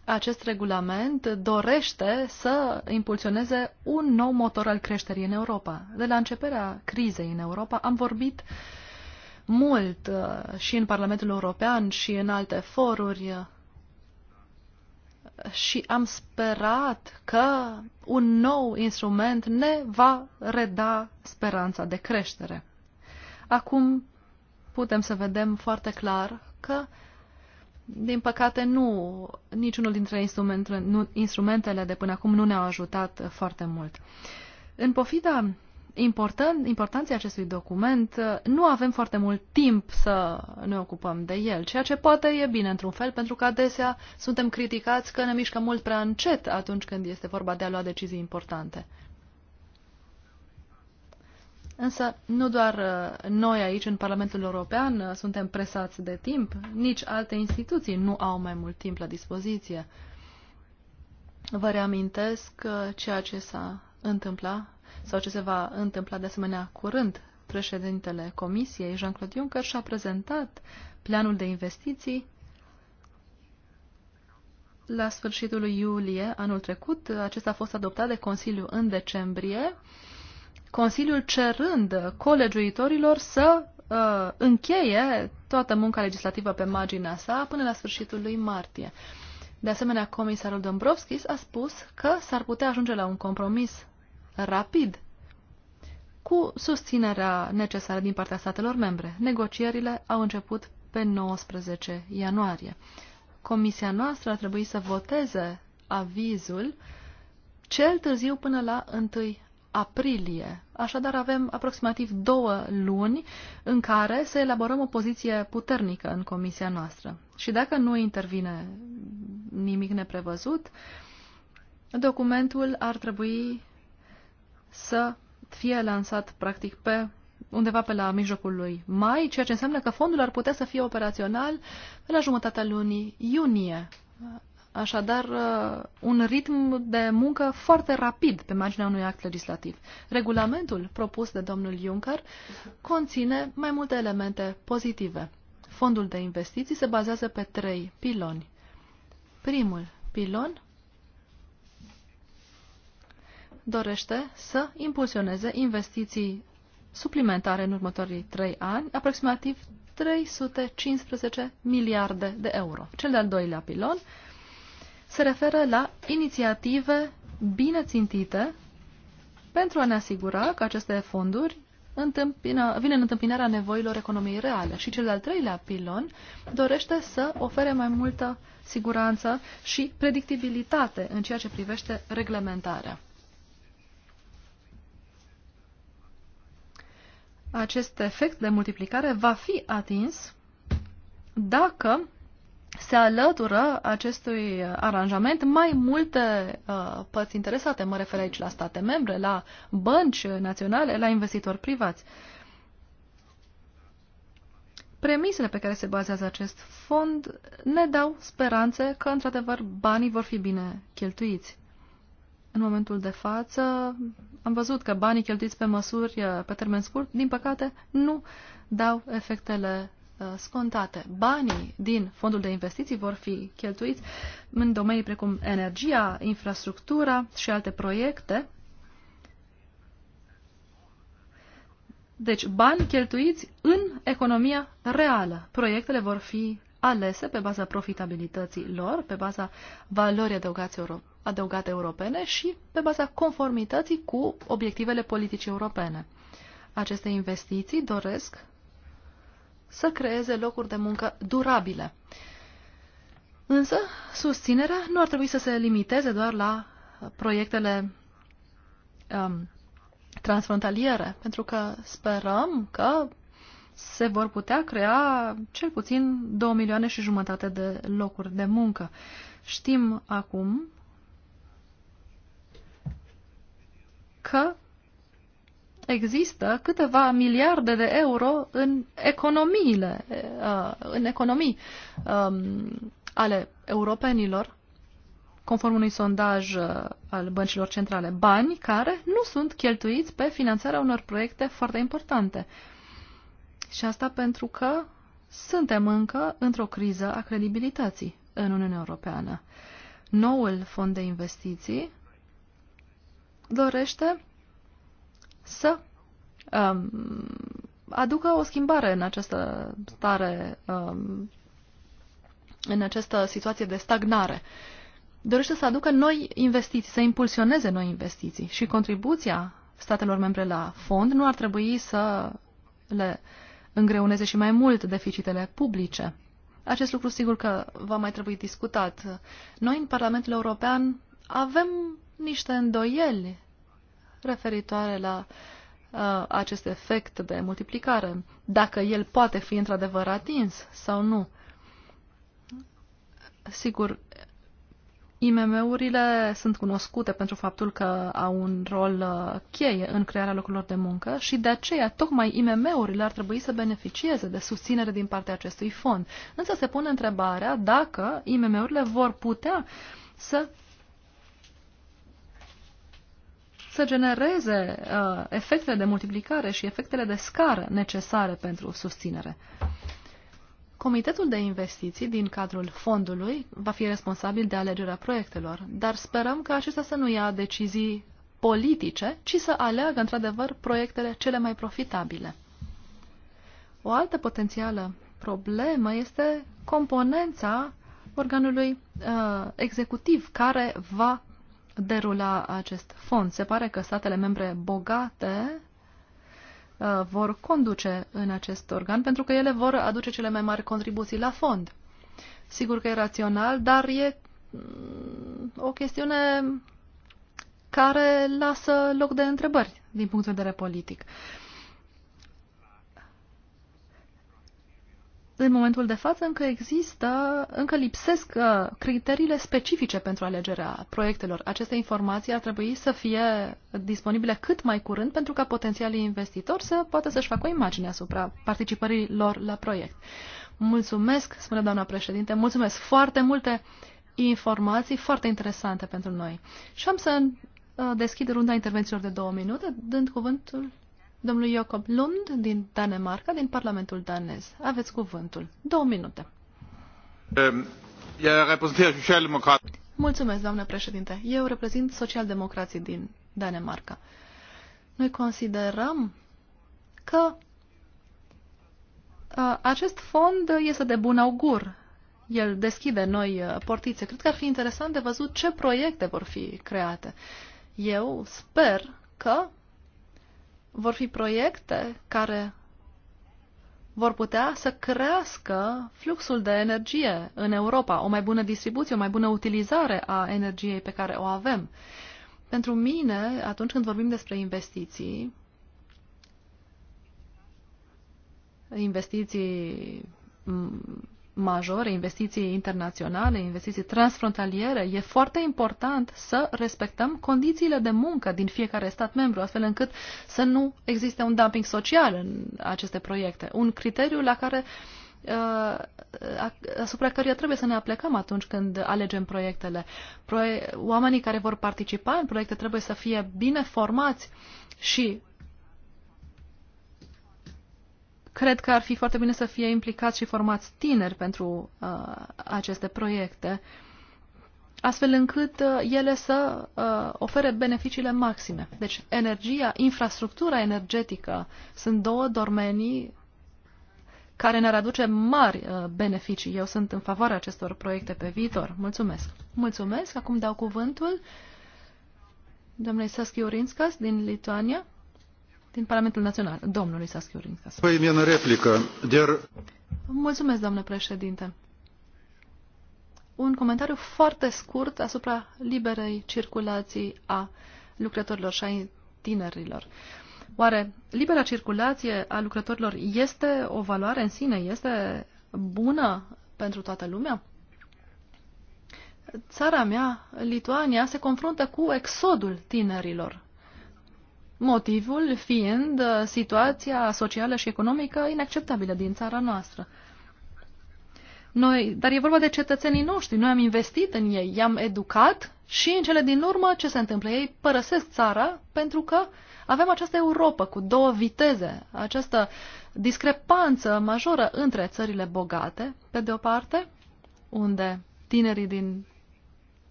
acest regulament dorește să impulsioneze un nou motor al creșterii în Europa. De la începerea crizei în Europa am vorbit uh, mult uh, și în Parlamentul European și în alte foruri și am sperat că un nou instrument ne va reda speranța de creștere. Acum putem să vedem foarte clar că, din păcate, nu, niciunul dintre instrumentele, de până acum nu ne-au ajutat foarte mult. În pofida important, importanței acestui document, nu avem foarte mult timp să ne ocupăm de el, ceea ce poate e bine într-un fel, pentru că adesea suntem criticați că ne mișcăm mult prea încet atunci când este vorba de a lua decizii importante. Însă nu doar uh, noi aici în Parlamentul European uh, suntem presați de timp, nici alte instituții nu au mai mult timp la dispoziție. Vă reamintesc uh, ceea ce s-a întâmplat sau ce se va întâmpla de asemenea curând, președintele Comisiei, Jean-Claude Juncker, și-a prezentat planul de investiții la sfârșitul iulie anul trecut. Acesta a fost adoptat de Consiliu în decembrie, Consiliul cerând colegiuitorilor să uh, încheie toată munca legislativă pe marginea sa până la sfârșitul lui martie. De asemenea, comisarul Dombrovskis a spus că s-ar putea ajunge la un compromis rapid cu susținerea necesară din partea statelor membre. Negocierile au început pe 19 ianuarie. Comisia noastră ar trebui să voteze avizul cel târziu până la 1 aprilie. Așadar avem aproximativ două luni în care să elaborăm o poziție puternică în comisia noastră. Și dacă nu intervine nimic neprevăzut, documentul ar trebui să fie lansat practic pe undeva pe la mijlocul lui mai, ceea ce înseamnă că fondul ar putea să fie operațional pe la jumătatea lunii iunie. Așadar, uh, un ritm de muncă foarte rapid pe marginea unui act legislativ. Regulamentul propus de domnul Juncker conține mai multe elemente pozitive. Fondul de investiții se bazează pe trei piloni. Primul pilon dorește să impulsioneze investiții suplimentare în următorii trei ani, aproximativ 315 miliarde de euro. Cel de-al doilea pilon se referă la inițiative bine țintite pentru a ne asigura că aceste fonduri vin în întâmpinarea nevoilor economiei reale. Și cel de-al treilea pilon dorește să ofere mai multă siguranță și predictibilitate în ceea ce privește reglementarea. acest efect de multiplicare va fi atins dacă se alătură acestui aranjament mai multe uh, părți interesate. Mă refer aici la state membre, la bănci naționale, la investitori privați. Premisele pe care se bazează acest fond ne dau speranțe că, într-adevăr, banii vor fi bine cheltuiți în momentul de față am văzut că banii cheltuiți pe măsuri eh, pe termen scurt, din păcate, nu dau efectele eh, scontate. Banii din fondul de investiții vor fi cheltuiți în domenii precum energia, infrastructura și alte proiecte. Deci bani cheltuiți în economia reală. Proiectele vor fi alese pe baza profitabilității lor, pe baza valorii adăugați euro adăugate europene și pe baza conformității cu obiectivele politicii europene. Aceste investiții doresc să creeze locuri de muncă durabile. Însă, susținerea nu ar trebui să se limiteze doar la proiectele um, transfrontaliere, pentru că sperăm că se vor putea crea cel puțin 2 milioane și jumătate de locuri de muncă. Știm acum că există câteva miliarde de euro în economiile, uh, în economii um, ale europenilor, conform unui sondaj uh, al băncilor centrale, bani care nu sunt cheltuiți pe finanțarea unor proiecte foarte importante. Și asta pentru că suntem încă într-o criză a credibilității în Uniunea Europeană. Noul fond de investiții dorește să um, aducă o schimbare în această stare, um, în această situație de stagnare. Dorește să aducă noi investiții, să impulsioneze noi investiții și contribuția statelor membre la fond nu ar trebui să le îngreuneze și mai mult deficitele publice. Acest lucru sigur că va mai trebui discutat. Noi în Parlamentul European avem niște îndoieli referitoare la uh, acest efect de multiplicare, dacă el poate fi într-adevăr atins sau nu. Sigur, IMM-urile sunt cunoscute pentru faptul că au un rol uh, cheie în crearea locurilor de muncă și de aceea tocmai IMM-urile ar trebui să beneficieze de susținere din partea acestui fond. Însă se pune întrebarea dacă IMM-urile vor putea să să genereze uh, efectele de multiplicare și efectele de scară necesare pentru susținere. Comitetul de investiții din cadrul fondului va fi responsabil de alegerea proiectelor, dar sperăm că acesta să nu ia decizii politice, ci să aleagă într-adevăr proiectele cele mai profitabile. O altă potențială problemă este componența organului uh, executiv care va derula acest fond. Se pare că statele membre bogate uh, vor conduce în acest organ pentru că ele vor aduce cele mai mari contribuții la fond. Sigur că e rațional, dar e mm, o chestiune care lasă loc de întrebări din punct de vedere politic. Uh, în momentul de față încă există, încă lipsesc uh, criteriile specifice pentru alegerea proiectelor. Aceste informații ar trebui să fie disponibile cât mai curând pentru ca potențialii investitori să poată să-și facă o imagine asupra participării lor la proiect. Mulțumesc, spune doamna președinte, mulțumesc foarte multe informații foarte interesante pentru noi. Și am să uh, deschid runda intervențiilor de două minute, dând cuvântul Domnul Jacob Lund din Danemarca, din Parlamentul danez. Aveți cuvântul. Două minute. Ehm, Mulțumesc, doamnă președinte. Eu reprezint socialdemocrații din Danemarca. Noi considerăm că acest fond este de bun augur. El deschide noi portițe. Cred că ar fi interesant de văzut ce proiecte vor fi create. Eu sper că vor fi proiecte care vor putea să crească fluxul de energie în Europa, o mai bună distribuție, o mai bună utilizare a energiei pe care o avem. Pentru mine, atunci când vorbim despre investiții, investiții majore, investiții internaționale, investiții transfrontaliere, e foarte important să respectăm condițiile de muncă din fiecare stat membru, astfel încât să nu existe un dumping social în aceste proiecte. Un criteriu la care uh, asupra căruia trebuie să ne aplecăm atunci când alegem proiectele. Proie oamenii care vor participa în proiecte trebuie să fie bine formați și Cred că ar fi foarte bine să fie implicați și formați tineri pentru uh, aceste proiecte, astfel încât uh, ele să uh, ofere beneficiile maxime. Deci energia, infrastructura energetică sunt două domenii care ne-ar aduce mari uh, beneficii. Eu sunt în favoarea acestor proiecte pe viitor. Mulțumesc! Mulțumesc! Acum dau cuvântul doamnei Saskia Urinskas din Lituania din Parlamentul Național, domnului păi, replică. Der... Mulțumesc, doamnă președinte. Un comentariu foarte scurt asupra liberei circulații a lucrătorilor și a tinerilor. Oare libera circulație a lucrătorilor este o valoare în sine? Este bună pentru toată lumea? Țara mea, Lituania, se confruntă cu exodul tinerilor motivul fiind uh, situația socială și economică inacceptabilă din țara noastră. Noi, dar e vorba de cetățenii noștri, noi am investit în ei, i-am educat și în cele din urmă ce se întâmplă? Ei părăsesc țara pentru că avem această Europa cu două viteze, această discrepanță majoră între țările bogate, pe de o parte, unde tinerii din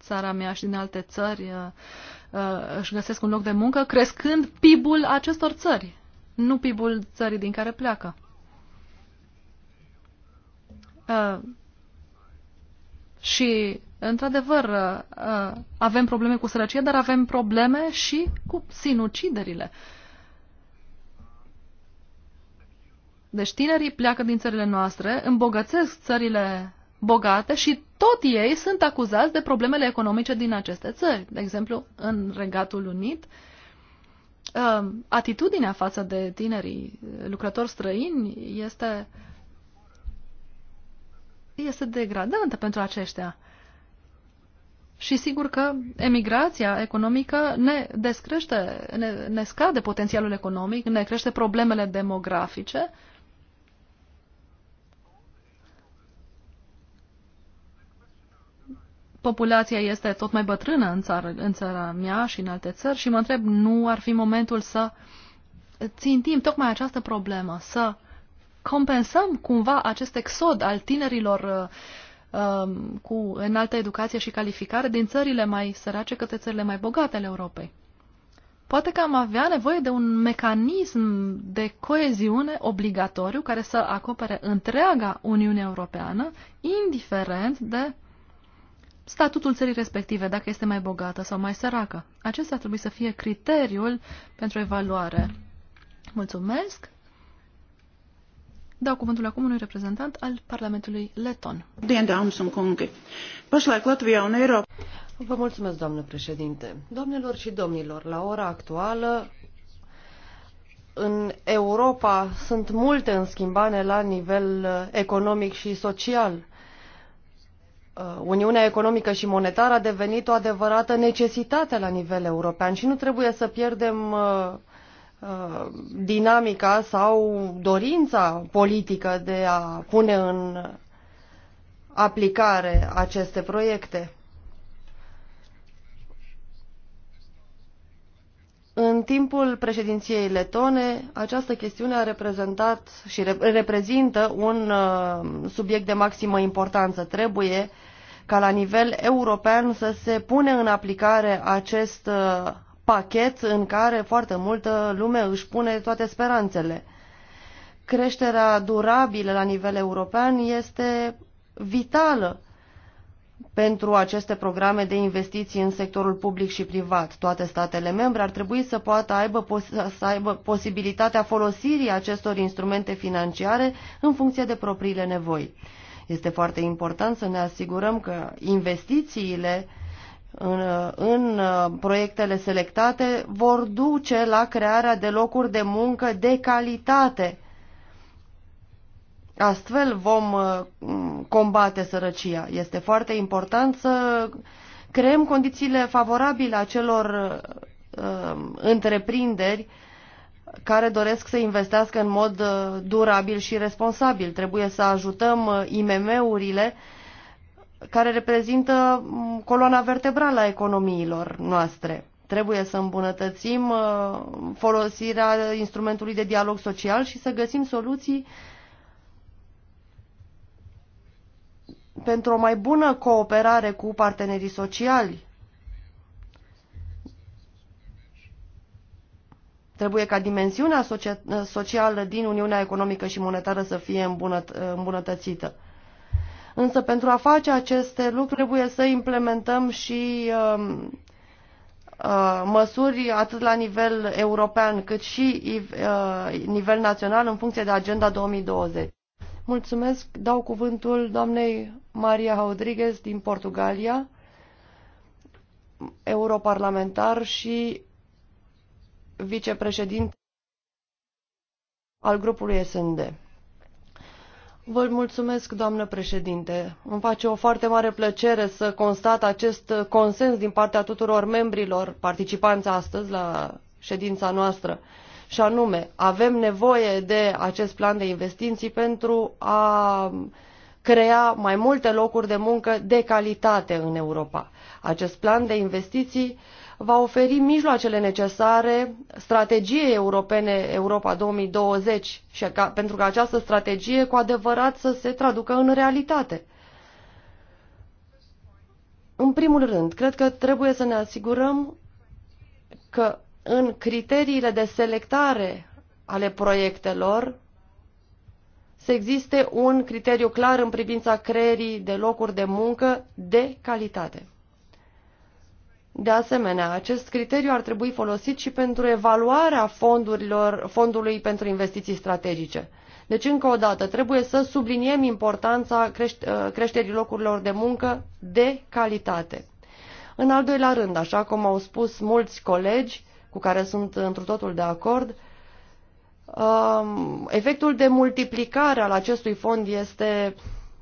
țara mea și din alte țări uh, Uh, își găsesc un loc de muncă, crescând PIB-ul acestor țări, nu PIB-ul țării din care pleacă. Uh, și, într-adevăr, uh, avem probleme cu sărăcie, dar avem probleme și cu sinuciderile. Deci tinerii pleacă din țările noastre, îmbogățesc țările bogate și tot ei sunt acuzați de problemele economice din aceste țări. De exemplu, în Regatul Unit, uh, atitudinea față de tinerii lucrători străini este, este degradantă pentru aceștia. Și sigur că emigrația economică ne descrește, ne, ne scade potențialul economic, ne crește problemele demografice populația este tot mai bătrână în, țară, în țara mea și în alte țări și mă întreb, nu ar fi momentul să țintim tocmai această problemă, să compensăm cumva acest exod al tinerilor uh, um, cu înaltă educație și calificare din țările mai sărace către țările mai bogate ale Europei. Poate că am avea nevoie de un mecanism de coeziune obligatoriu care să acopere întreaga Uniune Europeană, indiferent de uh, statutul țării respective, dacă este mai bogată sau mai săracă. Acesta ar trebui să fie criteriul pentru evaluare. Mulțumesc! Dau cuvântul acum unui reprezentant al Parlamentului Leton. Vă mulțumesc, doamnă președinte. Doamnelor și domnilor, la ora actuală, în Europa sunt multe în schimbare la nivel economic și social. Uh, Uniunea economică și monetară a devenit o adevărată necesitate la nivel european și nu trebuie să pierdem uh, uh, dinamica sau dorința politică de a pune în aplicare aceste proiecte. timpul președinției letone, această chestiune a reprezentat și reprezintă un uh, subiect de maximă importanță. Trebuie ca la nivel european să se pune în aplicare acest uh, pachet în care foarte multă lume își pune toate speranțele. Creșterea durabilă la nivel european este vitală pentru aceste programe de investiții în sectorul public și privat. Toate statele membre ar trebui să poată aibă, să aibă posibilitatea folosirii acestor instrumente financiare în funcție de propriile nevoi. Este foarte important să ne asigurăm că investițiile în, în uh, proiectele selectate vor duce la crearea de locuri de muncă de calitate Astfel vom uh, combate sărăcia. Este foarte important să creăm condițiile favorabile acelor uh, întreprinderi care doresc să investească în mod uh, durabil și responsabil. Trebuie să ajutăm IMM-urile care reprezintă mm, coloana vertebrală a economiilor noastre. Trebuie să îmbunătățim folosirea instrumentului de dialog social și să găsim soluții pentru o mai bună cooperare cu partenerii sociali. Trebuie ca dimensiunea socială din Uniunea Economică și Monetară să fie îmbunătățită. Însă pentru a face aceste lucruri trebuie să implementăm și uh, uh, măsuri atât la nivel european cât și uh, nivel național în funcție de Agenda 2020. Mulțumesc, dau cuvântul doamnei Maria Rodriguez din Portugalia, europarlamentar și vicepreședinte al grupului SND. Vă mulțumesc, doamnă președinte. Îmi face o foarte mare plăcere să constat acest consens din partea tuturor membrilor participanți astăzi la ședința noastră și anume avem nevoie de acest plan de investiții pentru a crea mai multe locuri de muncă de calitate în Europa. Acest plan de investiții va oferi mijloacele necesare strategiei europene Europa 2020 și ca, pentru ca această strategie cu adevărat să se traducă în realitate. În primul rând, cred că trebuie să ne asigurăm că în criteriile de selectare ale proiectelor să existe un criteriu clar în privința creierii de locuri de muncă de calitate. De asemenea, acest criteriu ar trebui folosit și pentru evaluarea fondurilor, fondului pentru investiții strategice. Deci, încă o dată, trebuie să subliniem importanța uh, creșterii locurilor de muncă de calitate. În al doilea rând, așa cum au spus mulți colegi, cu care sunt întru totul de acord, um, efectul de multiplicare al acestui fond este,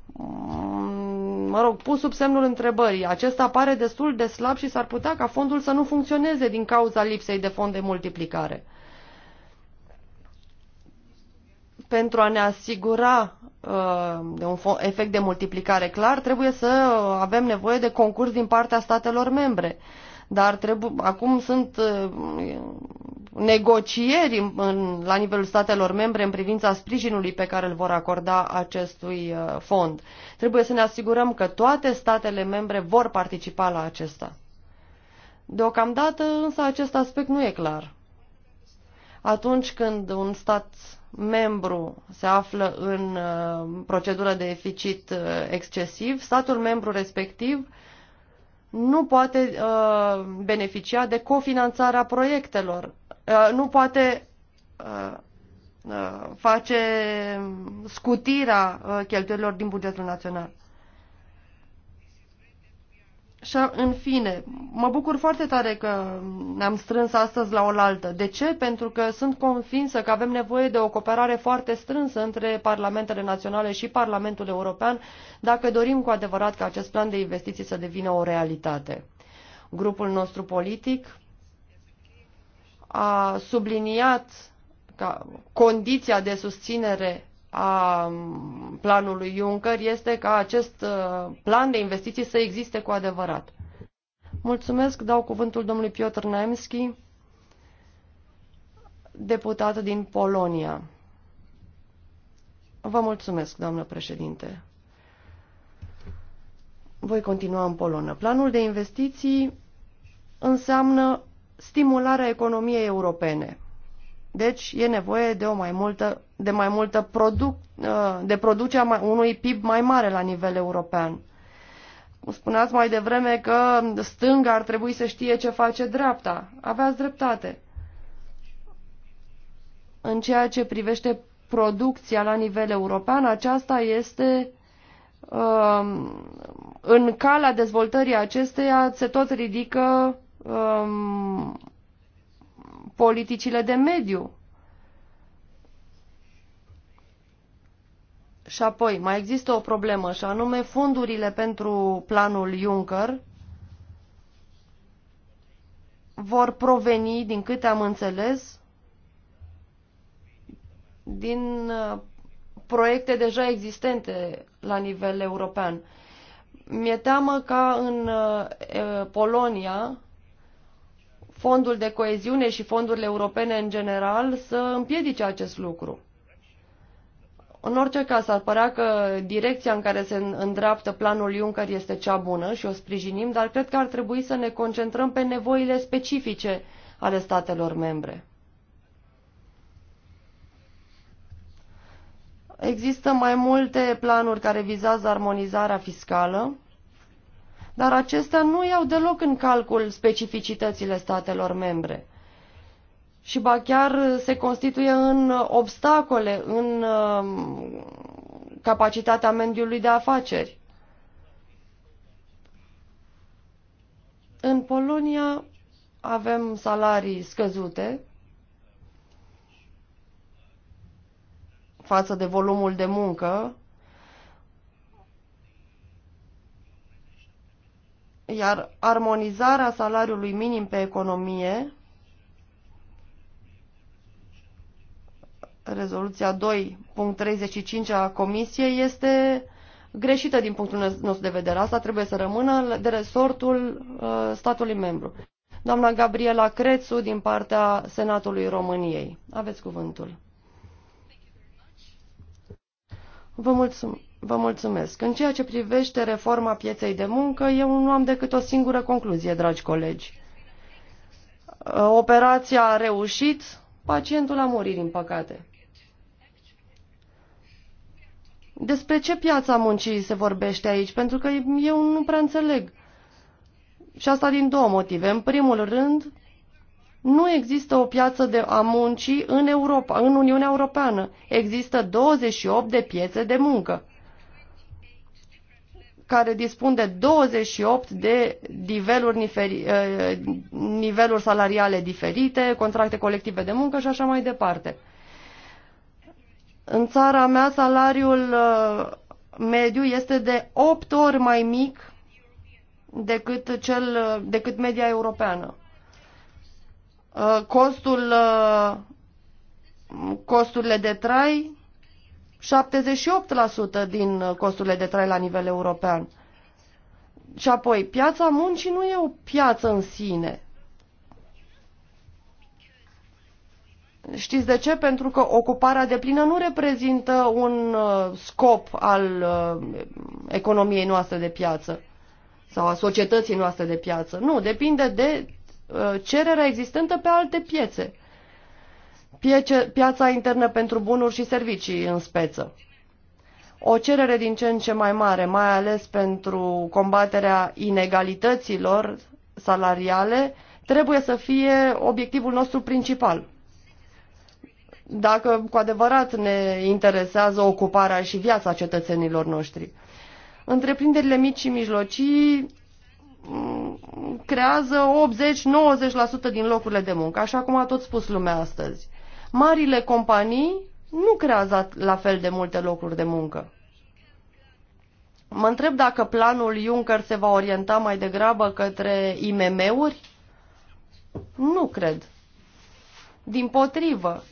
mm, mă rog, pus sub semnul întrebării. Acesta apare destul de slab și s-ar putea ca fondul să nu funcționeze din cauza lipsei de fond de multiplicare. Pentru a ne asigura uh, de un efect de multiplicare clar, trebuie să avem nevoie de concurs din partea statelor membre dar trebuie acum sunt uh, negocieri în, la nivelul statelor membre în privința sprijinului pe care îl vor acorda acestui uh, fond. Trebuie să ne asigurăm că toate statele membre vor participa la acesta. Deocamdată însă acest aspect nu e clar. Atunci când un stat membru se află în uh, procedură de deficit excesiv, statul membru respectiv nu poate uh, beneficia de cofinanțarea proiectelor, uh, nu poate uh, uh, face scutirea uh, cheltuielilor din bugetul național. Și în fine, mă bucur foarte tare că ne-am strâns astăzi la oaltă. De ce? Pentru că sunt convinsă că avem nevoie de o cooperare foarte strânsă între Parlamentele Naționale și Parlamentul European dacă dorim cu adevărat ca acest plan de investiții să devină o realitate. Grupul nostru politic a subliniat ca condiția de susținere a planului Juncker este ca acest uh, plan de investiții să existe cu adevărat. Mulțumesc, dau cuvântul domnului Piotr Naimski, deputat din Polonia. Vă mulțumesc, doamnă președinte. Voi continua în polonă. Planul de investiții înseamnă stimularea economiei europene. Deci e nevoie de o mai multă, de mai multă produc, uh, de producerea unui PIB mai mare la nivel european. Spuneați mai devreme că stânga ar trebui să știe ce face dreapta. Aveați dreptate. În ceea ce privește producția la nivel european, aceasta este um, în calea dezvoltării acesteia se tot ridică um, politicile de mediu. Și apoi, mai există o problemă, și anume fondurile pentru planul Juncker vor proveni, din câte am înțeles, din uh, proiecte deja existente la nivel european. Mi-e teamă ca în uh, Polonia fondul de coeziune și fondurile europene în general să împiedice acest lucru. În orice caz, ar părea că direcția în care se îndreaptă planul Juncker este cea bună și o sprijinim, dar cred că ar trebui să ne concentrăm pe nevoile specifice ale statelor membre. Există mai multe planuri care vizează armonizarea fiscală, dar acestea nu iau deloc în calcul specificitățile statelor membre. Și ba chiar se constituie în obstacole în um, capacitatea mediului de afaceri. În Polonia avem salarii scăzute față de volumul de muncă Iar armonizarea salariului minim pe economie, rezoluția 2.35 a Comisiei, este greșită din punctul nostru de vedere. Asta trebuie să rămână de resortul uh, statului membru. Doamna Gabriela Crețu, din partea Senatului României. Aveți cuvântul. Vă mulțumesc. Vă mulțumesc. În ceea ce privește reforma pieței de muncă, eu nu am decât o singură concluzie, dragi colegi. Operația a reușit, pacientul a murit, din păcate. Despre ce piața muncii se vorbește aici? Pentru că eu nu prea înțeleg. Și asta din două motive. În primul rând, nu există o piață de a muncii în Europa, în Uniunea Europeană. Există 28 de piețe de muncă care dispun de 28 de niveluri, ă, niveluri salariale diferite, contracte colective de muncă și așa mai departe. În țara mea salariul ă, mediu este de 8 ori mai mic decât, cel, ă, decât media europeană. Costul, costurile de trai 78% din uh, costurile de trai la nivel european. Și apoi, piața muncii nu e o piață în sine. Știți de ce? Pentru că ocuparea de plină nu reprezintă un uh, scop al uh, economiei noastre de piață sau a societății noastre de piață. Nu, depinde de cererea existentă pe alte piețe piața internă pentru bunuri și servicii în speță. O cerere din ce în ce mai mare, mai ales pentru combaterea inegalităților salariale, trebuie să fie obiectivul nostru principal. Dacă cu adevărat ne interesează ocuparea și viața cetățenilor noștri. Întreprinderile mici și mijlocii mm, creează 80-90% din locurile de muncă, așa cum a tot spus lumea astăzi. Marile companii nu creează la fel de multe locuri de muncă. Mă întreb dacă planul Juncker se va orienta mai degrabă către IMM-uri? Nu cred. Din potrivă,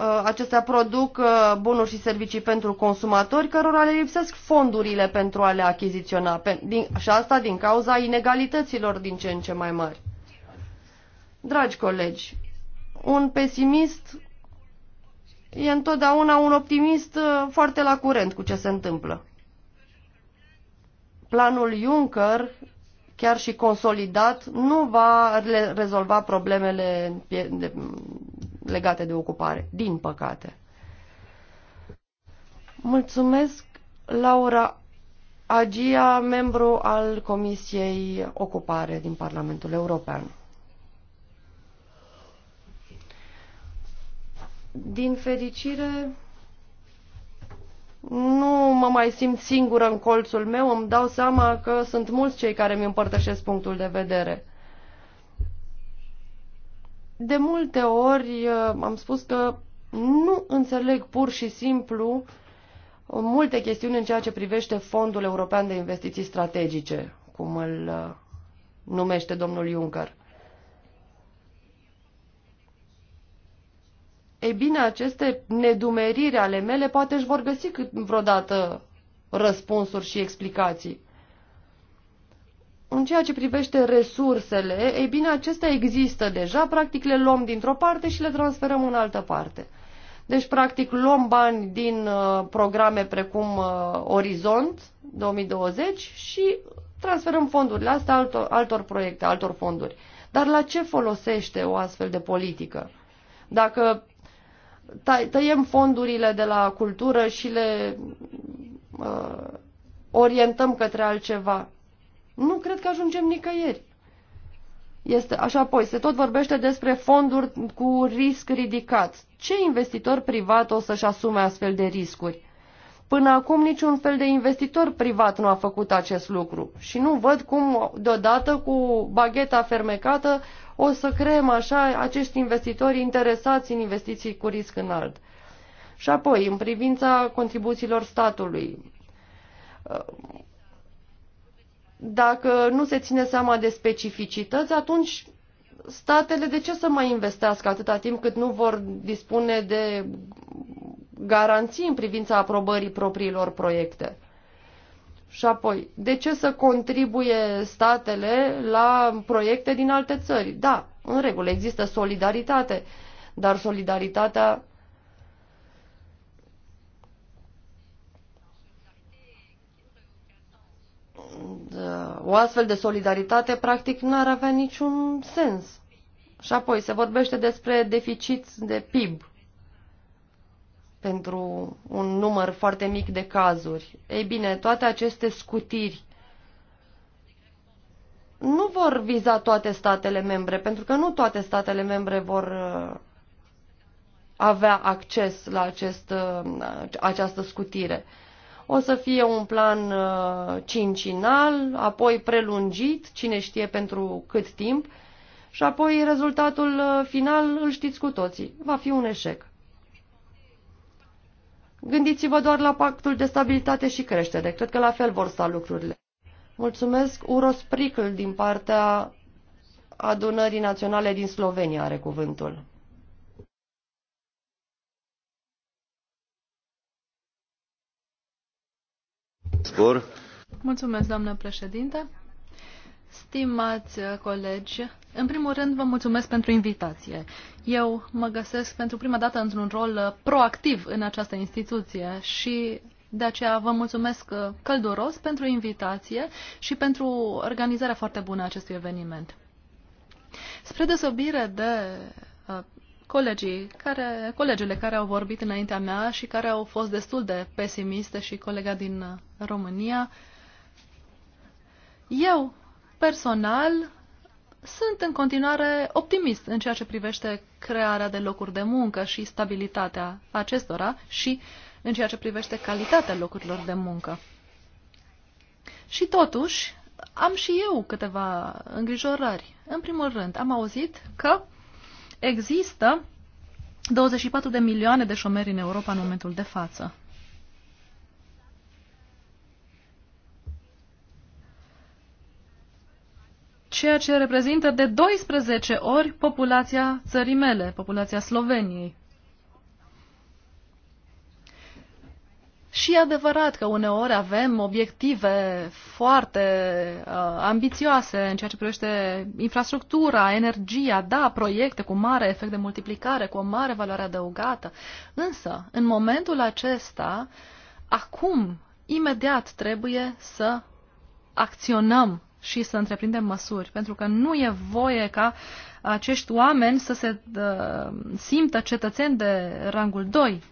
ă, acestea produc ă, bunuri și servicii pentru consumatori cărora le lipsesc fondurile pentru a le achiziționa și asta din cauza inegalităților din ce în ce mai mari. Dragi colegi, un pesimist e întotdeauna un optimist uh, foarte la curent cu ce se întâmplă. Planul Juncker, chiar și consolidat, nu va rezolva problemele legate de ocupare, din păcate. Mulțumesc, Laura Agia, membru al Comisiei Ocupare din Parlamentul European. Din fericire, nu mă mai simt singură în colțul meu, îmi dau seama că sunt mulți cei care mi împărtășesc punctul de vedere. De multe ori uh, am spus că nu înțeleg pur și simplu multe chestiuni în ceea ce privește Fondul European de Investiții Strategice, cum îl uh, numește domnul Juncker. E bine, aceste nedumeriri ale mele poate își vor găsi cât vreodată răspunsuri și explicații. În ceea ce privește resursele, ei bine, acestea există deja, practic le luăm dintr-o parte și le transferăm în altă parte. Deci, practic, luăm bani din uh, programe precum uh, Orizont 2020 și transferăm fondurile astea altor, altor proiecte, altor fonduri. Dar la ce folosește o astfel de politică? Dacă tăiem fondurile de la cultură și le uh, orientăm către altceva. Nu cred că ajungem nicăieri. Este, așa apoi, se tot vorbește despre fonduri cu risc ridicat. Ce investitor privat o să-și asume astfel de riscuri? Până acum niciun fel de investitor privat nu a făcut acest lucru și nu văd cum deodată cu bagheta fermecată o să creăm așa acești investitori interesați în investiții cu risc înalt. Și apoi, în privința contribuțiilor statului, dacă nu se ține seama de specificități, atunci statele de ce să mai investească atâta timp cât nu vor dispune de garanții în privința aprobării propriilor proiecte. Și apoi, de ce să contribuie statele la proiecte din alte țări? Da, în regulă, există solidaritate, dar solidaritatea o astfel de solidaritate practic nu ar avea niciun sens. Și apoi se vorbește despre deficit de PIB pentru un număr foarte mic de cazuri. Ei bine, toate aceste scutiri nu vor viza toate statele membre, pentru că nu toate statele membre vor uh, avea acces la acest, uh, această scutire. O să fie un plan uh, cincinal, apoi prelungit, cine știe pentru cât timp, și apoi rezultatul final îl știți cu toții. Va fi un eșec. Gândiți-vă doar la pactul de stabilitate și creștere. Cred că la fel vor sta lucrurile. Mulțumesc. Uros Pricl din partea adunării naționale din Slovenia are cuvântul. Spor. Mulțumesc, doamnă președinte. Stimați colegi, în primul rând vă mulțumesc pentru invitație. Eu mă găsesc pentru prima dată într-un rol proactiv în această instituție și de aceea vă mulțumesc călduros pentru invitație și pentru organizarea foarte bună a acestui eveniment. Spre desobire de uh, colegii care, colegele care au vorbit înaintea mea și care au fost destul de pesimiste și colega din România, eu personal, sunt în continuare optimist în ceea ce privește crearea de locuri de muncă și stabilitatea acestora și în ceea ce privește calitatea locurilor de muncă. Și totuși, am și eu câteva îngrijorări. În primul rând, am auzit că există 24 de milioane de șomeri în Europa în momentul de față. ceea ce reprezintă de 12 ori populația țării mele, populația Sloveniei. Și e adevărat că uneori avem obiective foarte uh, ambițioase în ceea ce privește infrastructura, energia, da, proiecte cu mare efect de multiplicare, cu o mare valoare adăugată. Însă, în momentul acesta, acum, imediat trebuie să acționăm și să întreprindem măsuri, pentru că nu e voie ca acești oameni să se uh, simtă cetățeni de rangul 2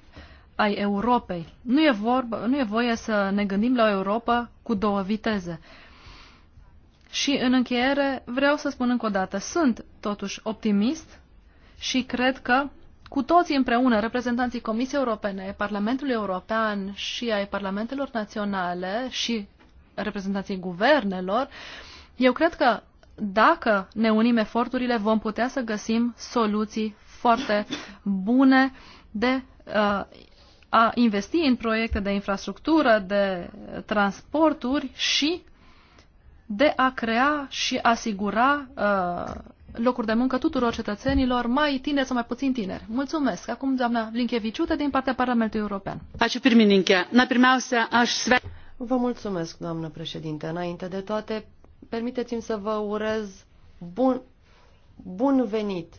ai Europei. Nu e, vorbă, nu e voie să ne gândim la o Europa cu două viteze. Și în încheiere vreau să spun încă o dată, sunt totuși optimist și cred că cu toții împreună, reprezentanții Comisiei Europene, Parlamentului European și ai Parlamentelor Naționale și reprezentanții guvernelor. Eu cred că dacă ne unim eforturile, vom putea să găsim soluții foarte bune de uh, a investi în proiecte de infrastructură, de transporturi și de a crea și asigura uh, locuri de muncă tuturor cetățenilor, mai tineri sau mai puțin tineri. Mulțumesc. Acum doamna Blinkeviciute din partea Parlamentului European. Ačiū primi Na, pirmiausia, aš Vă mulțumesc, doamnă președinte. Înainte de toate, permiteți-mi să vă urez bun, bun venit.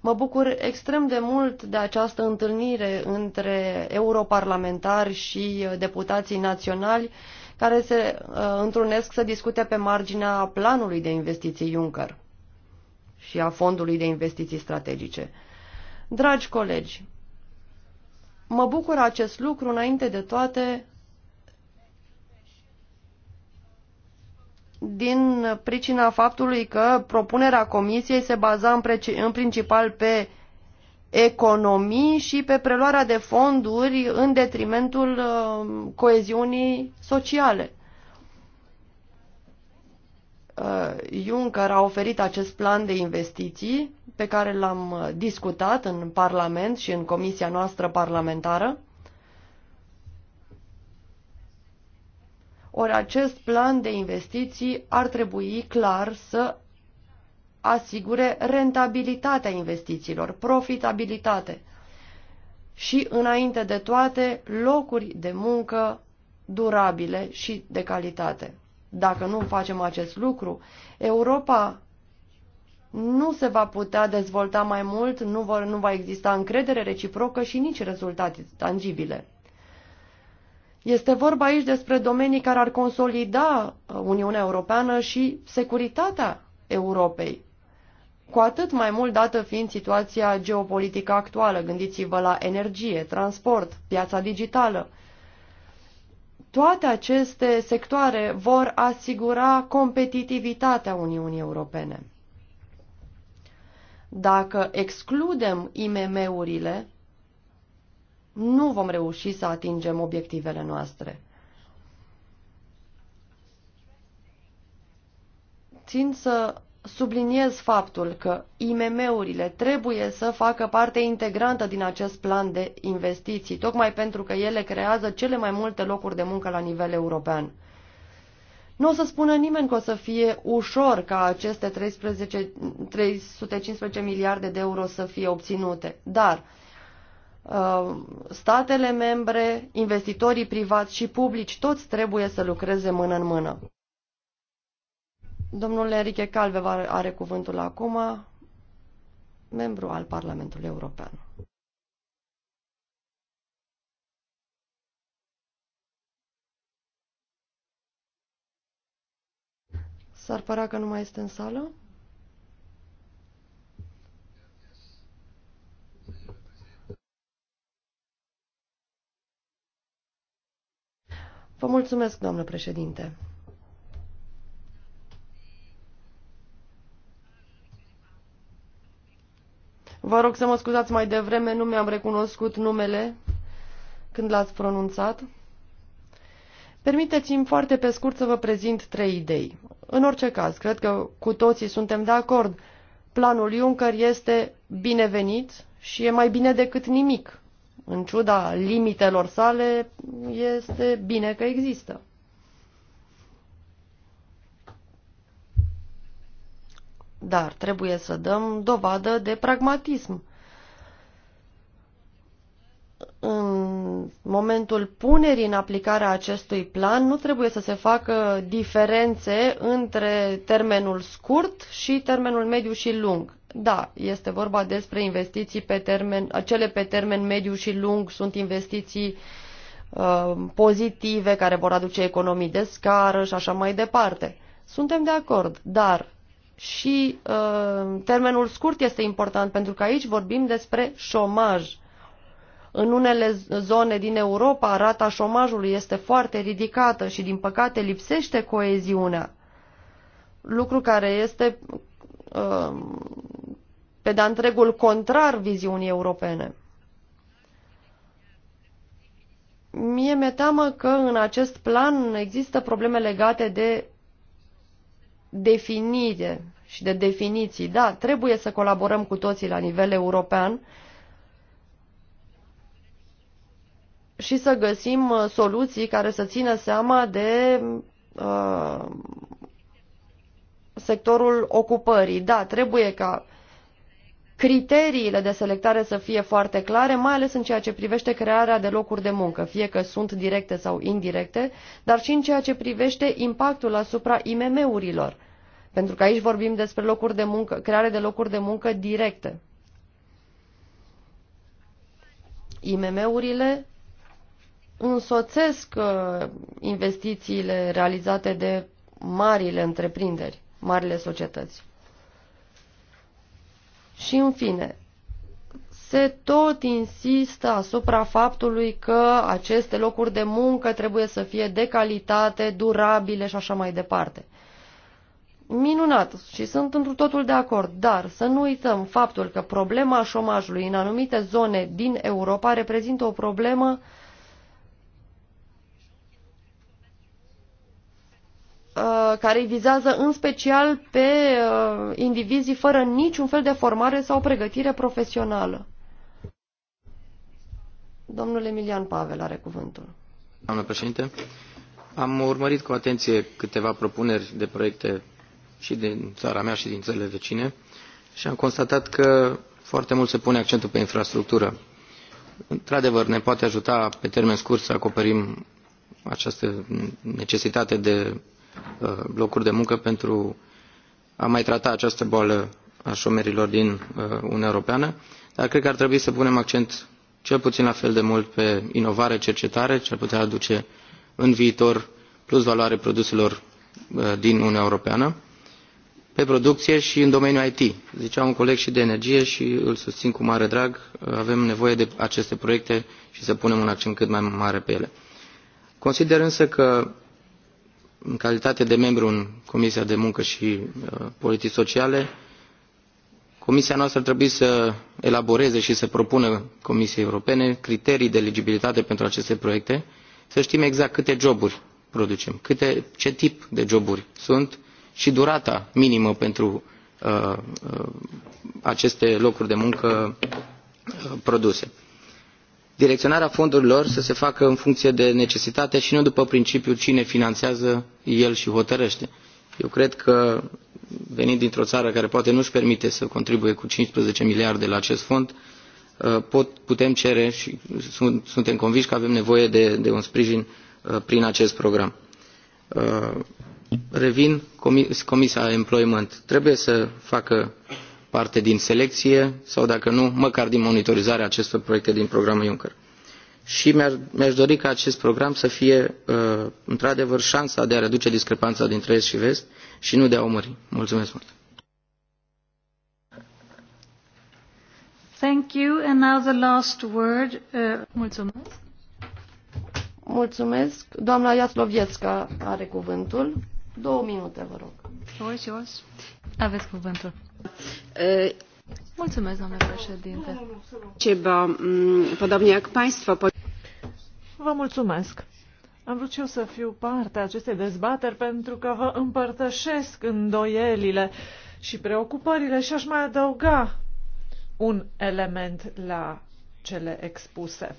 Mă bucur extrem de mult de această întâlnire între europarlamentari și deputații naționali care se uh, întrunesc să discute pe marginea planului de investiții Juncker și a fondului de investiții strategice. Dragi colegi, mă bucur acest lucru înainte de toate din pricina faptului că propunerea comisiei se baza în principal pe economii și pe preluarea de fonduri în detrimentul uh, coeziunii sociale. Uh, Juncker a oferit acest plan de investiții pe care l-am uh, discutat în Parlament și în comisia noastră parlamentară Ori acest plan de investiții ar trebui clar să asigure rentabilitatea investițiilor, profitabilitate și, înainte de toate, locuri de muncă durabile și de calitate. Dacă nu facem acest lucru, Europa nu se va putea dezvolta mai mult, nu, vor, nu va exista încredere reciprocă și nici rezultate tangibile. Este vorba aici despre domenii care ar consolida uh, Uniunea Europeană și securitatea Europei. Cu atât mai mult dată fiind situația geopolitică actuală, gândiți-vă la energie, transport, piața digitală. Toate aceste sectoare vor asigura competitivitatea Uniunii Europene. Dacă excludem IMM-urile, nu vom reuși să atingem obiectivele noastre. Țin să subliniez faptul că IMM-urile trebuie să facă parte integrantă din acest plan de investiții, tocmai pentru că ele creează cele mai multe locuri de muncă la nivel european. Nu o să spună nimeni că o să fie ușor ca aceste 13, 315 miliarde de euro să fie obținute, dar Uh, statele membre, investitorii privați și publici, toți trebuie să lucreze mână în mână. Domnul Enrique Calve are cuvântul acum, membru al Parlamentului European. S-ar părea că nu mai este în sală? Vă mulțumesc, doamnă președinte. Vă rog să mă scuzați mai devreme, nu mi-am recunoscut numele când l-ați pronunțat. Permiteți-mi foarte pe scurt să vă prezint trei idei. În orice caz, cred că cu toții suntem de acord. Planul Juncker este binevenit și e mai bine decât nimic în ciuda limitelor sale, este bine că există. Dar trebuie să dăm dovadă de pragmatism. În momentul punerii în aplicare a acestui plan, nu trebuie să se facă diferențe între termenul scurt și termenul mediu și lung. Da, este vorba despre investiții pe termen, cele pe termen mediu și lung sunt investiții uh, pozitive care vor aduce economii de scară și așa mai departe. Suntem de acord, dar și uh, termenul scurt este important pentru că aici vorbim despre șomaj. În unele zone din Europa rata șomajului este foarte ridicată și din păcate lipsește coeziunea. Lucru care este uh, pe de-a întregul contrar viziunii europene. Mie mi-e teamă că în acest plan există probleme legate de definire și de definiții. Da, trebuie să colaborăm cu toții la nivel european și să găsim uh, soluții care să țină seama de uh, sectorul ocupării. Da, trebuie ca criteriile de selectare să fie foarte clare, mai ales în ceea ce privește crearea de locuri de muncă, fie că sunt directe sau indirecte, dar și în ceea ce privește impactul asupra IMM-urilor, pentru că aici vorbim despre locuri de muncă, creare de locuri de muncă directe. IMM-urile însoțesc uh, investițiile realizate de marile întreprinderi, marile societăți. Și în fine, se tot insistă asupra faptului că aceste locuri de muncă trebuie să fie de calitate, durabile și așa mai departe. Minunat și sunt într totul de acord, dar să nu uităm faptul că problema șomajului în anumite zone din Europa reprezintă o problemă uh, Uh, care îi vizează în special pe uh, indivizii fără niciun fel de formare sau pregătire profesională. Domnul Emilian Pavel are cuvântul. Doamnă președinte, am urmărit cu atenție câteva propuneri de proiecte și din țara mea și din țările vecine și am constatat că foarte mult se pune accentul pe infrastructură. Într-adevăr, ne poate ajuta pe termen scurt să acoperim această necesitate de Uh, locuri de muncă pentru a mai trata această boală a șomerilor din uh, Uniunea Europeană, dar cred că ar trebui să punem accent cel puțin la fel de mult pe inovare, cercetare, ce ar putea aduce în viitor plus valoare produselor uh, din Uniunea Europeană, pe producție și în domeniul IT. Zicea un coleg și de energie și îl susțin cu mare drag, avem nevoie de aceste proiecte și să punem un accent cât mai mare pe ele. Consider însă că în calitate de membru în Comisia de Muncă și uh, Politici Sociale, Comisia noastră trebuie să elaboreze și să propună Comisiei Europene criterii de eligibilitate pentru aceste proiecte, să știm exact câte joburi producem, câte, ce tip de joburi sunt și durata minimă pentru uh, uh, aceste locuri de muncă uh, produse direcționarea fondurilor să se facă în funcție de necesitate și nu după principiul cine finanțează el și hotărăște. Eu cred că venind dintr-o țară care poate nu își permite să contribuie cu 15 miliarde la acest fond, uh, pot, putem cere și sunt, suntem convinși că avem nevoie de, de un sprijin uh, prin acest program. Uh, revin, Comisia Employment trebuie să facă parte din selecție sau, dacă nu, măcar din monitorizarea acestor proiecte din programul Juncker. Și mi-aș, mi dori ca acest program să fie, uh, într-adevăr, șansa de a reduce discrepanța dintre Est și Vest și nu de a o mări. Mulțumesc mult! Thank you. And now the last word. Uh... Mulțumesc. Mulțumesc. Doamna Iasloviețca are cuvântul. Două minute, vă rog. Aveți cuvântul. Mulțumesc, domnule președinte. Ceva, mm, podobnie jak państwo... Vă mulțumesc. Am vrut și eu să fiu parte a acestei dezbateri pentru că vă împărtășesc îndoielile și preocupările și aș mai adăuga un element la cele expuse.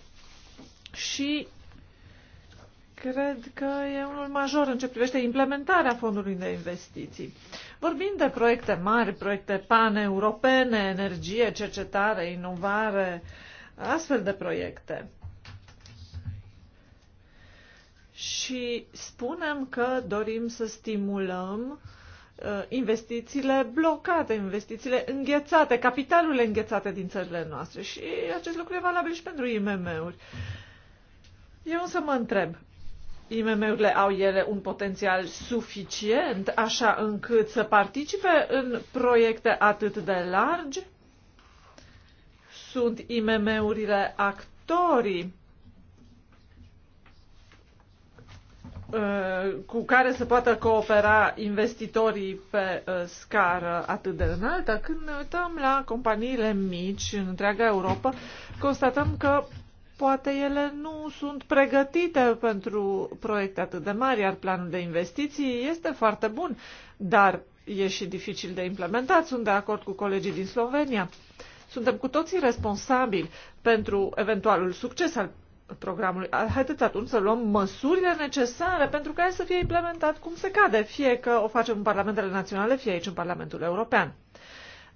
Și cred că e unul major în ce privește implementarea fondului de investiții. Vorbim de proiecte mari, proiecte paneuropene, energie, cercetare, inovare, astfel de proiecte. Și spunem că dorim să stimulăm uh, investițiile blocate, investițiile înghețate, capitalurile înghețate din țările noastre. Și acest lucru e valabil și pentru IMM-uri. Eu însă mă întreb, IMM-urile au ele un potențial suficient așa încât să participe în proiecte atât de largi? Sunt IMM-urile actorii uh, cu care se poată coopera investitorii pe uh, scară atât de înaltă. Când ne uităm la companiile mici în întreaga Europa, constatăm că poate ele nu sunt pregătite pentru proiecte atât de mari, iar planul de investiții este foarte bun, dar e și dificil de implementat. Sunt de acord cu colegii din Slovenia. Suntem cu toții responsabili pentru eventualul succes al programului. Ah, haideți atunci să luăm măsurile necesare pentru ca el să fie implementat cum se cade, fie că o facem în Parlamentele Naționale, fie aici în Parlamentul European.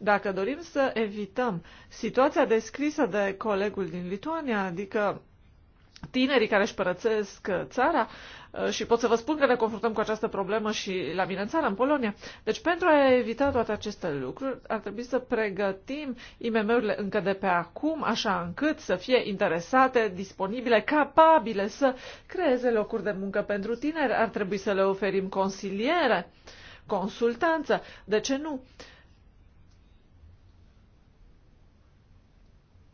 Dacă dorim să evităm situația descrisă de colegul din Lituania, adică tinerii care își părățesc țara uh, și pot să vă spun că ne confruntăm cu această problemă și la mine în țară, în Polonia. Deci pentru a evita toate aceste lucruri ar trebui să pregătim IMM-urile încă de pe acum, așa încât să fie interesate, disponibile, capabile să creeze locuri de muncă pentru tineri. Ar trebui să le oferim consiliere, consultanță, de ce nu? Uh,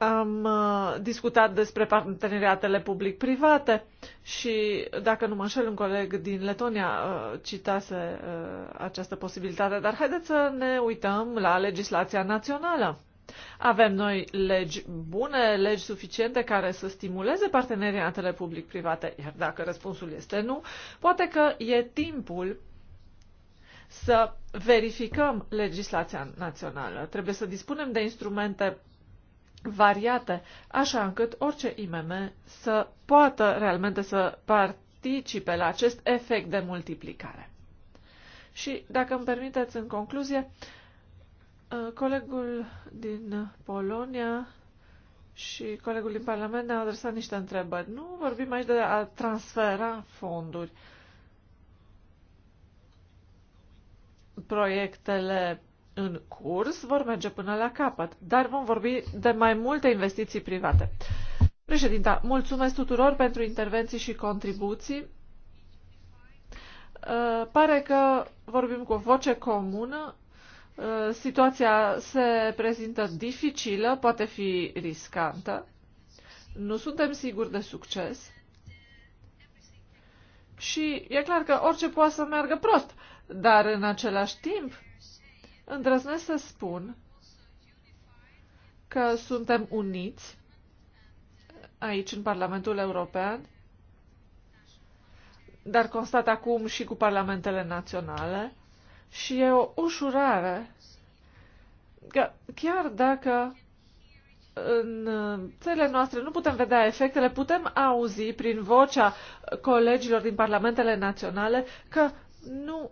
Am uh, discutat despre parteneriatele public-private și, dacă nu mă înșel, un coleg din Letonia uh, citase uh, această posibilitate, dar haideți să ne uităm la legislația națională. Avem noi legi bune, legi suficiente care să stimuleze parteneriatele public-private, iar dacă răspunsul este nu, poate că e timpul să verificăm legislația națională. Trebuie să dispunem de instrumente variate, așa încât orice IMM să poată realmente să participe la acest efect de multiplicare. Și, dacă îmi permiteți, în concluzie, uh, colegul din Polonia și colegul din Parlament ne-au adresat niște întrebări. Nu vorbim aici de a transfera fonduri. Proiectele în curs vor merge până la capăt, dar vom vorbi de mai multe investiții private. Președinta, mulțumesc tuturor pentru intervenții și contribuții. Uh, pare că vorbim cu o voce comună. Uh, situația se prezintă dificilă, poate fi riscantă. Nu suntem siguri de succes. Și e clar că orice poate să meargă prost, dar în același timp îndrăznesc să spun că suntem uniți aici în Parlamentul European, dar constat acum și cu parlamentele naționale și e o ușurare că chiar dacă în țările noastre nu putem vedea efectele, putem auzi prin vocea colegilor din parlamentele naționale că nu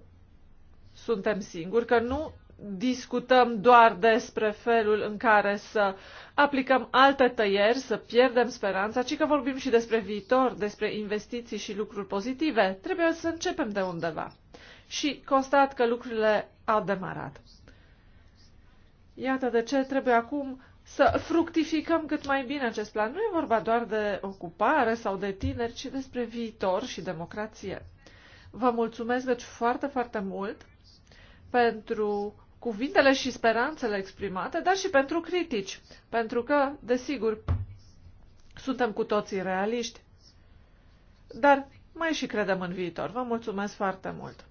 suntem singuri, că nu discutăm doar despre felul în care să aplicăm alte tăieri, să pierdem speranța, ci că vorbim și despre viitor, despre investiții și lucruri pozitive. Trebuie să începem de undeva. Și constat că lucrurile au demarat. Iată de ce trebuie acum să fructificăm cât mai bine acest plan. Nu e vorba doar de ocupare sau de tineri, ci despre viitor și democrație. Vă mulțumesc deci foarte, foarte mult pentru cuvintele și speranțele exprimate, dar și pentru critici, pentru că, desigur, suntem cu toții realiști. Dar mai și credem în viitor. Vă mulțumesc foarte mult!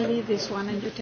I leave this one and you can